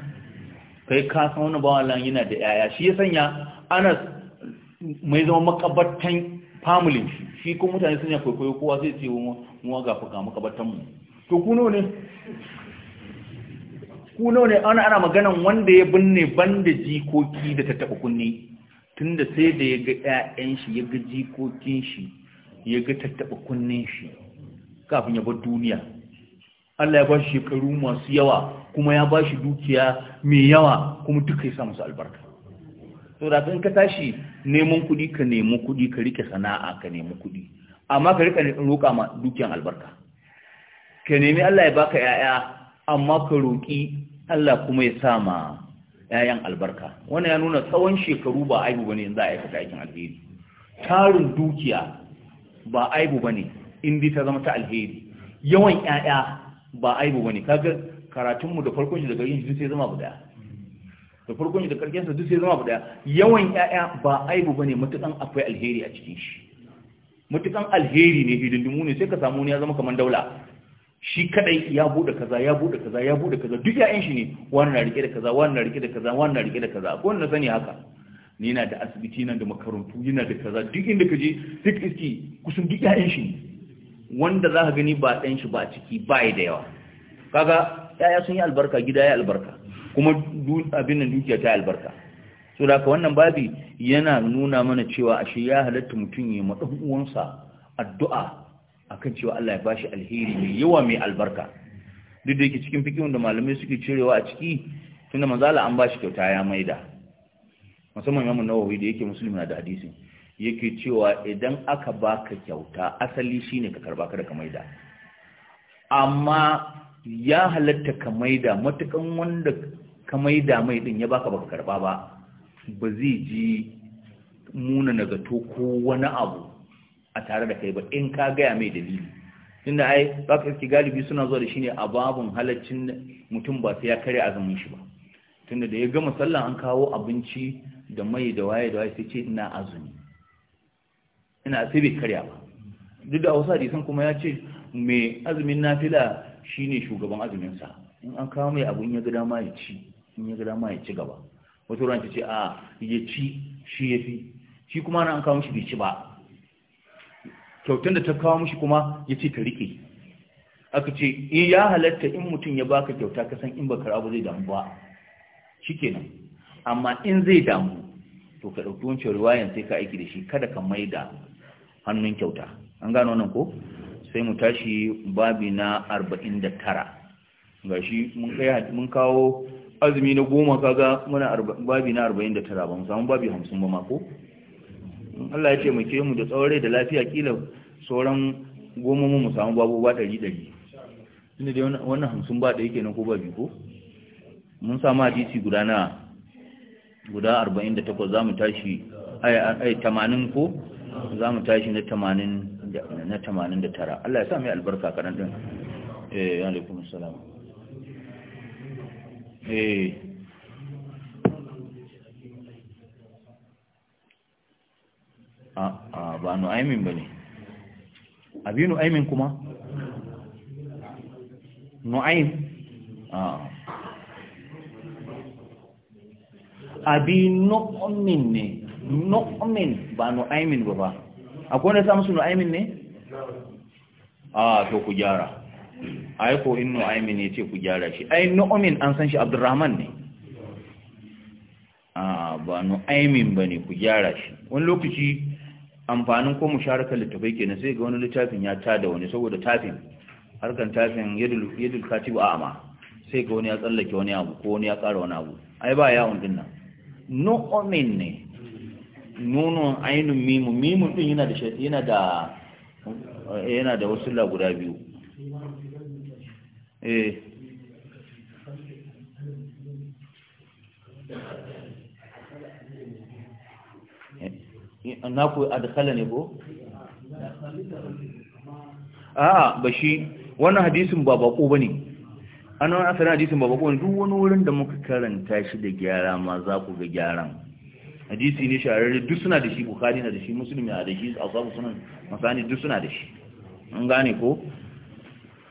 kai ka san wani bawan yana da yaya shi ya sanya anas mai zama makabartan family shi kuma mutane sun ya kwaikwayo kowa zai ce wa ga fuka batan mu to kuno ne kuno ne ana ana maganan wanda ya binne banda jikoki da taba kunni tunda sai da ya ga ƴaƴan shi ya ga jikokin shi ya ga taba kunnin shi kafin ya bar duniya Allah ya ba shi shekaru masu yawa kuma ya ba shi dukiya mai yawa kuma duka ya sa musu albarka to da ka tashi neman kuɗi ka nemi kuɗi ka rike sana'a ka nemi kuɗi amma ka rika roƙa ma dukiyan albarka ka nemi Allah ya baka 'ya'ya, amma ka roƙi Allah kuma ya sa ma ƴaƴan albarka wannan ya nuna tsawon shekaru ba aibu bane yanzu a aikata aikin alheri tarin dukiya ba aibu bane in dai ta zama ta alheri yawan 'ya'ya ba aibu bane kaga karatunmu da farkon shi daga yin shi sai zama guda da farkon shi da karken sa duk sai zama guda yawan ƴaƴa ba aibu bane mutukan akwai alheri a cikin shi mutukan alheri ne hidindimu ne sai ka samu ne ya zama kaman daula shi kadai ya bude kaza ya bude kaza ya bude kaza duk ƴaƴan shi ne wannan na rike da kaza wannan na rike da kaza wannan na rike da kaza ko wannan sani haka ni na da asibiti na da makarantu yana da kaza duk inda ka je duk iski kusan duk ƴaƴan shi ne wanda za ka gani ba ɗan shi ba ciki ba da yawa kaga yaya sun yi albarka gida ya albarka kuma abin nan dukiya ta albarka so da ka wannan babi yana nuna mana cewa ashe ya halatta mutum ya maɗan uwansa addu'a akan cewa Allah ya bashi alheri mai yawa mai albarka duk da yake cikin fikin da malamai suke cirewa a ciki tunda manzo Allah an bashi kyauta ya maida musamman Imam Nawawi da yake musulmi na da hadisi yake cewa idan aka baka kyauta asali shine ka karba kada ka maida amma ya halatta ka maida matukan wanda ka da mai din ya baka baka karba ba ba zai ji muna nagato ko wani abu a tare da kai ba in ka gaya mai dalili tunda ai ba ka iski galibi suna zuwa da shi ne a babun halaccin mutum ba sai ya kare azumin shi ba tunda da ya gama sallah an kawo abinci da mai da waye da waye sai ce ina azumi ina sai bai karya ba duk da wasu hadisan kuma ya ce mai azumin nafila shine shugaban azuminsa? in an kawo mai abun ya ga dama ya ci in ya ga dama ya ci gaba wata ran ta ce a ya ci shi ya fi shi kuma na an kawo mishi bai ci ba kyautar da ta kawo mishi kuma ya ce ta rike aka ce in eh, ya halatta in mutum ya baka kyauta ka san in baka rabu zai damu ba kenan amma in zai damu to ka ɗauki wancan riwayan sai ka aiki da shi kada ka mai da hannun kyauta an gano nan ko sai mu tashi babi na arba'in da tara. ga shi mun kawo azumi na goma kaga muna babi na arba'in da tara ba mu samu babi hamsin ba mako Allah ya ce mu ke mu da tsaurai da lafiya kila sauran goma mu samu babu ba ɗari inda dai wannan hamsin ba da yake na ko babi ko mun samu hadisi guda na guda arba'in da takwas za mu tashi ai tamanin ko za mu tashi na tamanin na tara? Allah ya sa mai albarka karan din eh alaikum assalam eh a ba aimin ba ne abi aimin kuma nu'aim a abi nu'min ne omin ba aimin ba ba akwai wanda samun samu su nu'aimin ne a to ku gyara aiko in aimi ne ce ku gyara shi ai nu'min an san shi abdurrahman ne a ba nu'aymin ba ne ku gyara shi wani lokaci amfanin ko musharakar littafai kenan sai ga wani littafin ya tada wani saboda tafin harkan tafin yadul katibu a'ama sai ga wani ya tsallake wani abu ko wani ya ƙara wani abu ai ba yawon dinna No nu'min ne Nono, ainihin mimu mimu din yana da wasu da yana da wasu guda biyu eh na ku adkhala ne ko a'a ba shi wannan hadisin ba bako bane an Wannan asalin hadisin ba bako ne duk wani wurin da muka karanta shi da gyara ma za ku ga gyaran hadisi ne shahararre duk suna da shi bukhari na da shi muslim na da shi asabu sunan masani duk suna da shi an gane ko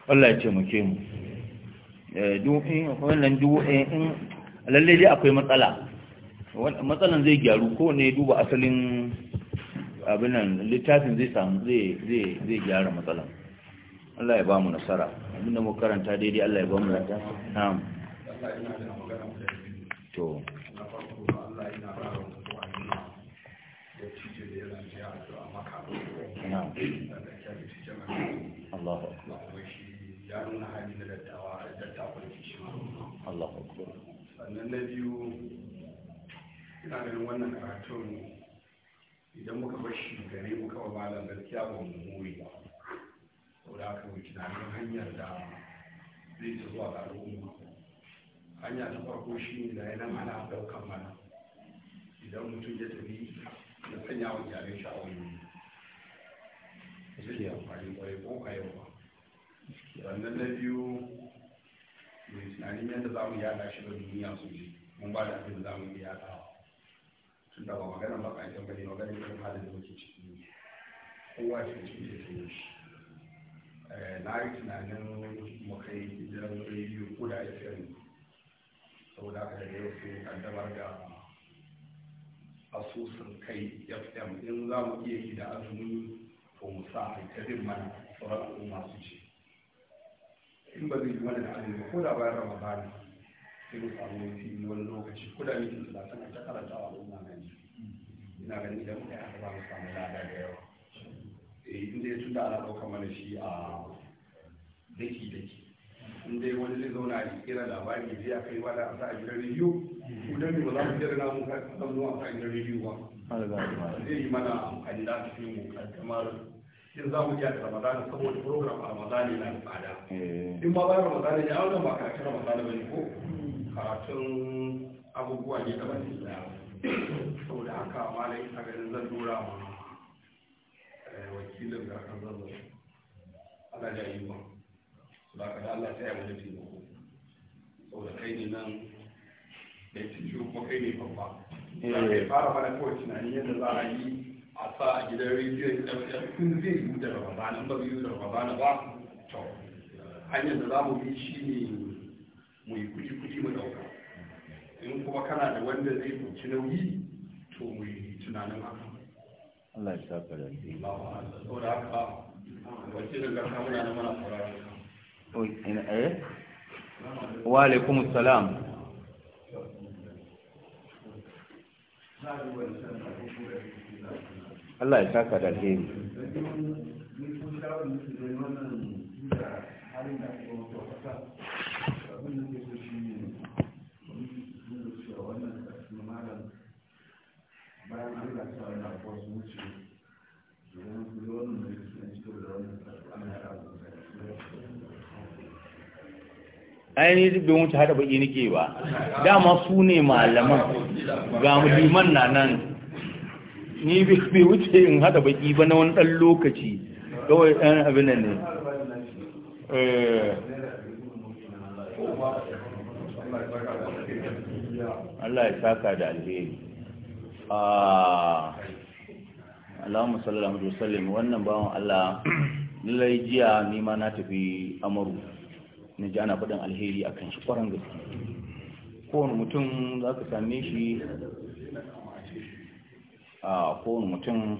Allah ya taimake mu eh, wannan eh, in lalle dai akwai matsala matsalan zai gyaru ko ne duba asalin abinan littafin zai samu zai gyara matsalan Allah ya ba mu nasara abinda mu karanta daidai Allah ya ba mu nasara na'am to na biyu ina ganin wannan karatun idan muka bar shi gare muka kawai malam gaskiya ba mu muri ba saboda haka mu tunanin hanyar da zai ta zuwa ga al'umma hanya ta farko shi ne da yana mana daukan mana idan mutum ya tafi na sanya wa jami'in sha'awar zai yi amfani kwarai ko a yau ba sannan na biyu mai tunanin yadda za mu yada shi ga duniya su ji mun ba da abin da za mu iya yada tun da ba magana ba ƙaƙen ba ne magana irin halin da muke ciki kowa ke ciki da ke shi eh, na yi tunanin mu kai gidan rediyo ko da fm saboda haka da yau sai kaddamar da asusun kai fm in za mu iya yi da azumi to mu sa a mana sauran al'umma su ce in ba zai yi wani da ba ko da bayan ramadan sai mu samu fili wani lokaci ko da mutum talatin a ta karanta wa wani na ina ganin idan muka yi haka za samu lada da yawa eh inda ya tunda ana ɗaukar mana shi a daki daki inda ya wani zai zauna a kira labari zai ya kai wani a sa a gidan rediyo ko dan ba za mu kira na mun kan mu a sa a gidan rediyo ba zai yi mana amfani da su mu kamar shin za mu iya da ramadana saboda program a ramadana yana da tsada eh. in ma bayan ramadana ne an ba karatun ramadana ba ne ko karatun abubuwa ne da bane da saboda haka malam isa ganin zan dora ma eh, wakilin da kan zan zo ana da yi ba su da kada Allah ta yi wani taimako saboda kai ne nan da ya ci ciwo ko kai ne babba. Ya fara mana kawai tunanin yadda za a yi a a gidan rediyo in zai yi da rababana ba yi da rababana ba to hanyar da za mu bi shi ne mu yi kuɗi kuɗi mu ɗauka in kuma kana da wanda zai ɗauki nauyi to mu yi tunanin haka Allah ya sa ka da shi. haka na mana Wa alaikum salam. Thank you. Allah ya saka da alheri ainihin duk bai wuce haɗa baƙi nike ba dama su ne malaman ga liman na nan ni bai wuce in hada baki ba na wani ɗan lokaci kawai ɗan eh, abin nan ne eh. Allah ya saka da alheri ah. Allahumma sallallahu alaihi wasallam wannan bawan Allah lallai jiya ni ma na tafi amaru na ji ana faɗin alheri akan shi ƙwarar gaske kowane mutum za ka same shi a kowane mutum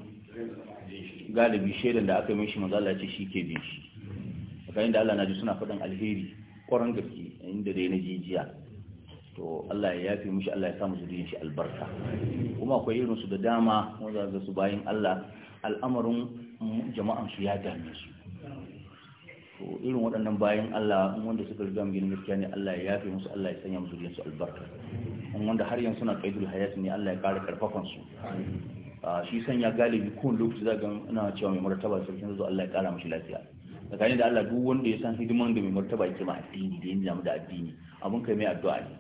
galibi shaidan da aka yi mishi manzo ce shi ke bin shi kayan da Allah na ji suna faɗin alheri ƙwarar gaske inda dai na jijiya to Allah ya yafe mishi Allah ya samu zuriyar shi albarka kuma akwai irin su da dama wanda su bayan Allah al'amarin jama'an su ya dame su to irin waɗannan bayan Allah wanda suka riga mu gina gaskiya ne Allah ya yafe musu Allah ya sanya musu su albarka an wanda har yanzu suna kaidul hayat ne Allah ya ƙara karfafan su ah, shi sanya galibi ko lokaci ga ina cewa mai martaba sarkin zuwa Allah ya ƙara mashi lafiya tsakanin da Allah duk wanda ya san hidiman da mai martaba yake ma addini da yanzu da addini abun kai mai addu'a ne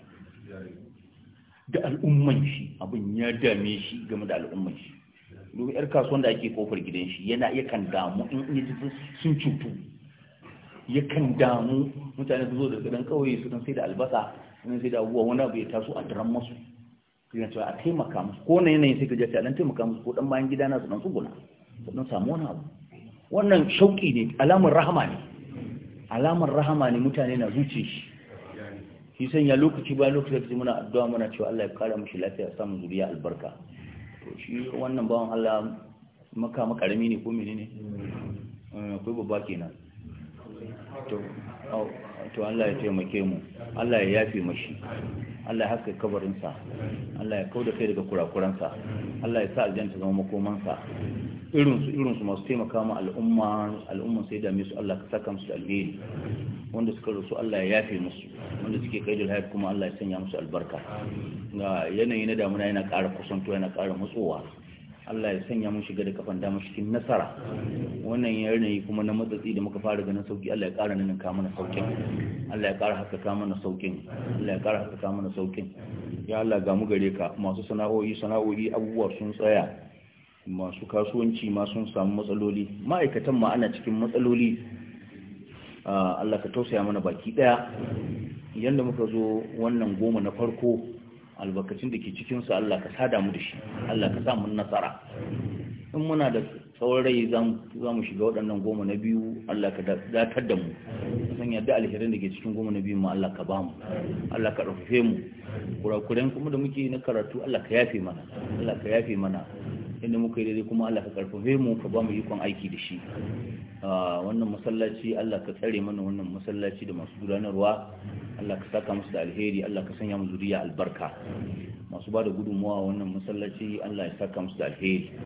da al'umman shi abun ya dame shi game da al'umman shi domin yar kasuwan da ake kofar gidan shi yana iya kan damu in sun cutu yakan damu mutane su zo daga dan kawai su kan sai da albasa su sai da abubuwa wani abu ya taso a daren masu yana cewa a taimaka musu ko na yanayin sai ka jace a dan taimaka musu ko dan bayan gida na su dan tsuguna su dan samu wani abu wannan shauki ne alamar rahama ne alamar rahama ne mutane na zuce shi shi sanya lokaci bayan lokaci da muna addu'a muna cewa Allah ya kara mishi lafiya samun zuriya albarka to shi wannan bawan Allah maka makarami ne ko menene eh, akwai babba kenan to Allah ya taimake mu Allah ya yafe mashi Allah ya haska kabarinsa Allah ya kauda kai daga kurakuransa Allah ya sa aljanta zama makomansa irinsu irinsu masu taimaka ma al'umma al'umma sai da su Allah ka saka musu alheri wanda suka rusu Allah ya yafe musu wanda suke kai da kuma Allah ya sanya musu albarka ga yanayi na damuna yana ƙara kusanto yana ƙara matsowa Allah ya sanya mun shiga da kafan dama cikin nasara wannan yanayi kuma na matsatsi da muka fara ganin sauki Allah ya ƙara nan ka mana sauki Allah ya ƙara ka mana sauki Allah ya ƙara ka mana sauki ya Allah ga mu gare ka masu sana'o'i sana'o'i abubuwa sun tsaya masu kasuwanci ma sun samu matsaloli ma'aikatan ma ana cikin matsaloli ah, Allah ka tausaya mana baki daya yanda muka zo wannan goma na farko albarkacin da ke cikinsu Allah ka sada mu da shi Allah ka sa mu nasara in muna da saurayi za mu shiga waɗannan goma na biyu Allah ka datar da mu san yadda alherin da ke cikin goma na biyu mu Allah ka ba mu Allah ka rufe mu kurakuren kuma da muke na karatu Allah ka yafe mana Allah ka yafe mana inda muka yi daidai kuma Allah ka karfafe mu ka ba mu ikon aiki da shi wannan masallaci Allah ka tsare mana wannan masallaci da masu gudanarwa Allah ka saka musu da alheri Allah ka sanya mu zuriya albarka masu ba da gudunmuwa wannan masallaci Allah ya saka musu da alheri